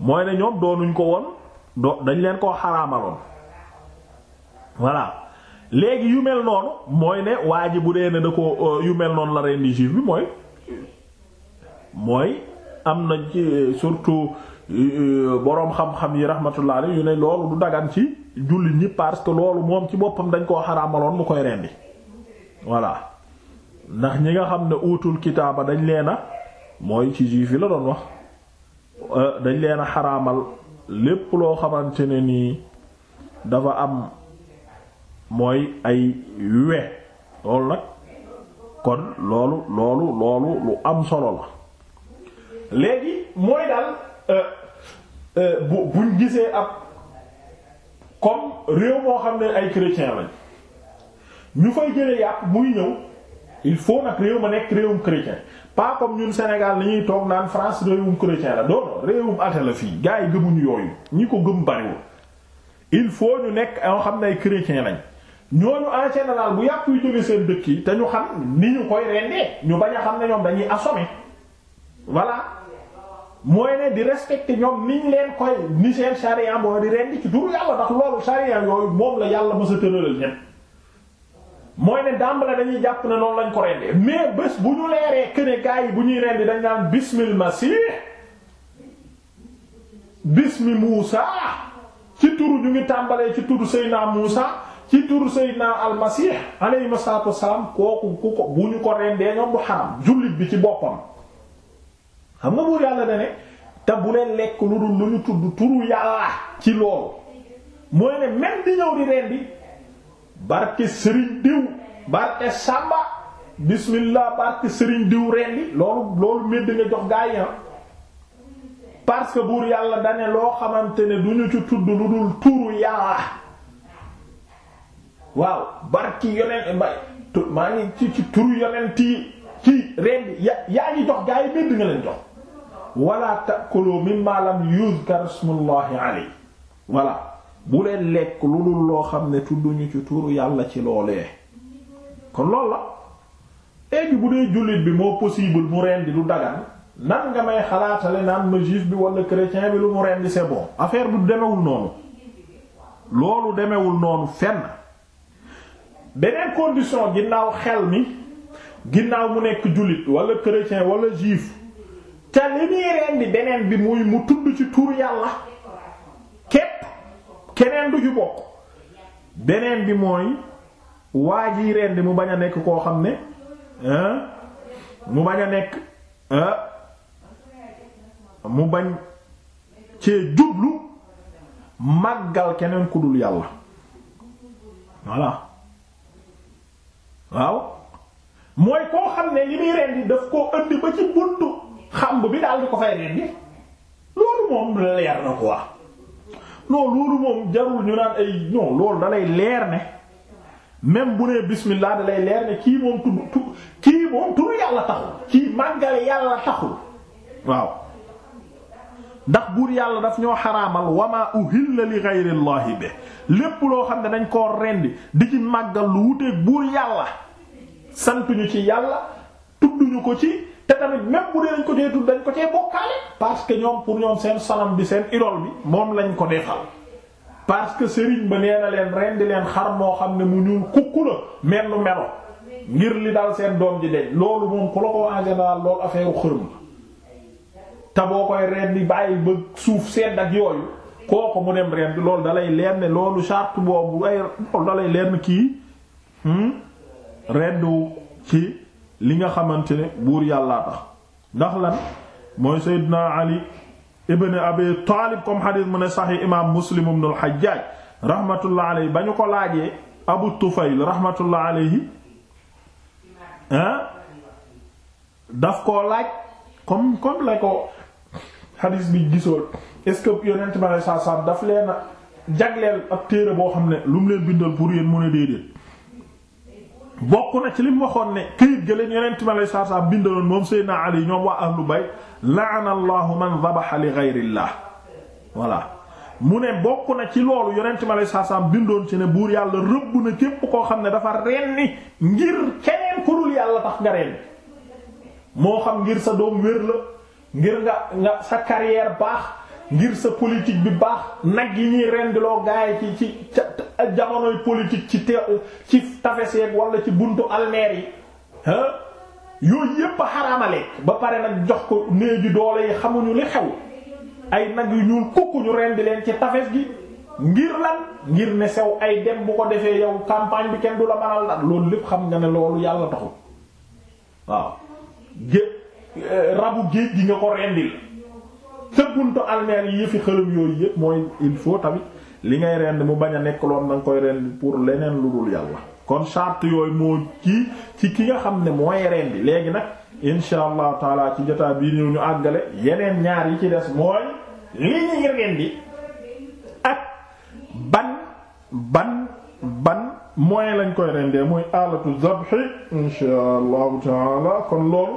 mooy ne ñoom doonuñ ko woon do dañ leen koo xaraamaloon voilà léegi yu mel noonu mooy ne waa ji bu dee ne da ko yu mel noonu la rendi juif bi mooy mooy am na ci surtout boroom xam-xam yi rahmatullah alayhi yu ne loolu du dagan ci jullit ñi parce que loolu moom ci boppam dañ koo xaraamaloon mu koy rendi voilà ndax ñi nga xam ne utul kitaaba dañ leen a mooy ci juif yi la doon wax euh, dañ leen a xaraamal lépp loo xamante ne nii dafa am mooy ay we loolu nag kon loolu loolu loolu lu am solo la léegi mooy daal euh, euh, bu buñ gisee ab comme réew moo xam ne ay chrétien lañ ñu fay jële yàpp muy ñëw il faut nag réew ma nekk réewum chrétien pas comme ñun Sénégal ni ñuy toog naan France réewum chrétien la doono réewum athée la fii gars yi gëmuñu yooyu ñi ko gëm bariwul il faut ñu nekk yoo xam ne ay chrétien lañ ñooñu en général bu yàpp yu jóge seen dëkk yi te ñu xam ni ñu koy rendee ñu bañ a xam ne ñoom dañuy assommer voilà mooy ne di respecter ñoom niñ leen koy ni seen charia mooy di rendi ci duru yàlla ndax loolu charia yooyu moom la yàlla mës a tëralal ñépp mooy ne dàmbale dañuy jàpp ne noonu lañ ko rendee mais bu ñu leeree këne gaa yi bu ñuy rendi dañ naan bismil masih bismi Muusa ci turu ñu ngi tàmbalee ci turu Seydina Muusa ci turu Seydina al-Masih alayhi salaatu wassalaam kooku ku ko bu ñu ko rendee ñoom bu jullit bi ci boppam xam nga buur yàlla da ne te bu leen lekk lu dul lu ñu tudd turu yàlla ci loolu mooy ne même di ñëw di rendi barke sëriñ diw barke sàmba bismillah barke sëriñ diw rendi loolu loolu medd nga jox gaa yi ah. parce que buur yàlla da ne loo xamante ne du ñu ci tudd lu dul turu yàlla waaw barki yonent maa ngi ci ci turu yonent yi ci rendi yaa ngi jox gaa yi medd nga leen jox wala ta'kulu mimma lam yuzkar ismullahi alayhi voilà bu leen lekk lu dul loo xam ne tudduñu ci turu yàlla ci loolee kon loolu la léegi bu dee jullit bi moo possible mu rendi du dagan nan nga may xalaatale naan ma juif bi wala chrétien bi lu mu rendi c'est bon affaire bu demewul noonu loolu demewul noonu fenn beneen condition ginnaaw xel mi ginnaaw mu nekk jullit wala chrétien wala juif te li muy rendi beneen bi muy mu tudd ci tur yàlla képp keneen du ci bokk beneen bi mooy waa jiy rendi mu bañ a nekk koo xam ne mu bañ a nekk mu bañ ci jublu màggal keneen ku dul yàlla voilà waaw mooy koo xam ne li muy rendi daf koo indi ba ci buntu xamb bi daal di ko fay rendi loolu moom leer na quoi non loolu moom jarul ñu naan ay loolu da leer ne même bu nee bismillah da lay leer ne kii moom tudd tu kii moom turu yàlla taxul kii màggale yàlla taxul waaw ndax buur yàlla daf ñoo xaraamal wama uhilla li ghayrillahi bi lépp loo xam ne dañ koo rendi di ci màggal lu wuteeg buur yàlla santuñu ci yàlla tudduñu ko ci te tamit même bu dee dañ ko cee tudd dañ ko cee bokkaale parce que ñoom pour ñoom seen salam bi seen idole bi moom lañ ko defal parce que sëriñ ba nee na leen rendi leen xar moo xam ne mu ñuul kukku la mel melo ngir li daal seen doom ji deñ loolu moom ku la ko en loolu affaire xërëm te boo koy rendi bàyyi ba suuf sedd ak yooyu kooku mu dem rendi loolu dalay leer ne loolu charte boobu ay loolu dalay leer kii hmm, rendu ci li nga xamante ne buur yàllaa tax ndax lan mooy Seydina Ali ibn Abi Taalib comme xadis mu ne saxi imaam Muslim ibn al-Hajjaj ba ñu ko laajee Abu Tufayl rahmatullah alayhi ah daf ko laaj comme comme la ko xadis bi gisoon est-ce que yonent bi sallallahu daf leen jagleel ak téere boo xam ne lu mu leen bindal pour yéen mu ne déedéet bokk na ci lim waxoon ne këyit ga leen yonent ma lay saa saa bindaloon moom Seydina Ali ñoom waa ahlu bay la'ana Allahu man dhabaha li ghayrillah voilà mu ne bokk na ci loolu yonent ma lay saa bindoon ci ne buur yàlla rëbb na képp koo xam ne dafa renni ngir keneen ku dul yàlla tax nga renni moo xam ngir sa doom wér la ngir nga nga sa carrière baax ngir sa politique bi baax nag yi ñuy rendiloo gaay ci ci jamonoy politique ci te ci tafeseeg wala ci buntu almeer yi ah yooyu yépp a xaraamale ba pare nag jox ko néegi doole yi xamuñu li xew ay nag yu ñuul kukku ñu rendi leen ci tafes gi ngir lan ngir ne sew ay dem bu ko defee yow campagne bi kenn du la manal nag loolu lépp xam nga ne loolu yàlla taxul waaw gé eh, rabu géej gi nga ko rendil te buntu almeer yi yëfi xërëm yooyu yëpp mooy il faut tamit li ngay rend mu bañ a nekk loon danga koy rend pour leneen lu dul yàlla kon charte yooyu moo ci ci ki nga xam ne mooy rendi léegi nag insha allahu taala ci jotaa bii ñëw ñu àggale yeneen ñaar yi ci des mooy li ñuy rendi ak ban ban ban mooy lañ koy rendee muy alatu zabhi insha allahu taala kon loolu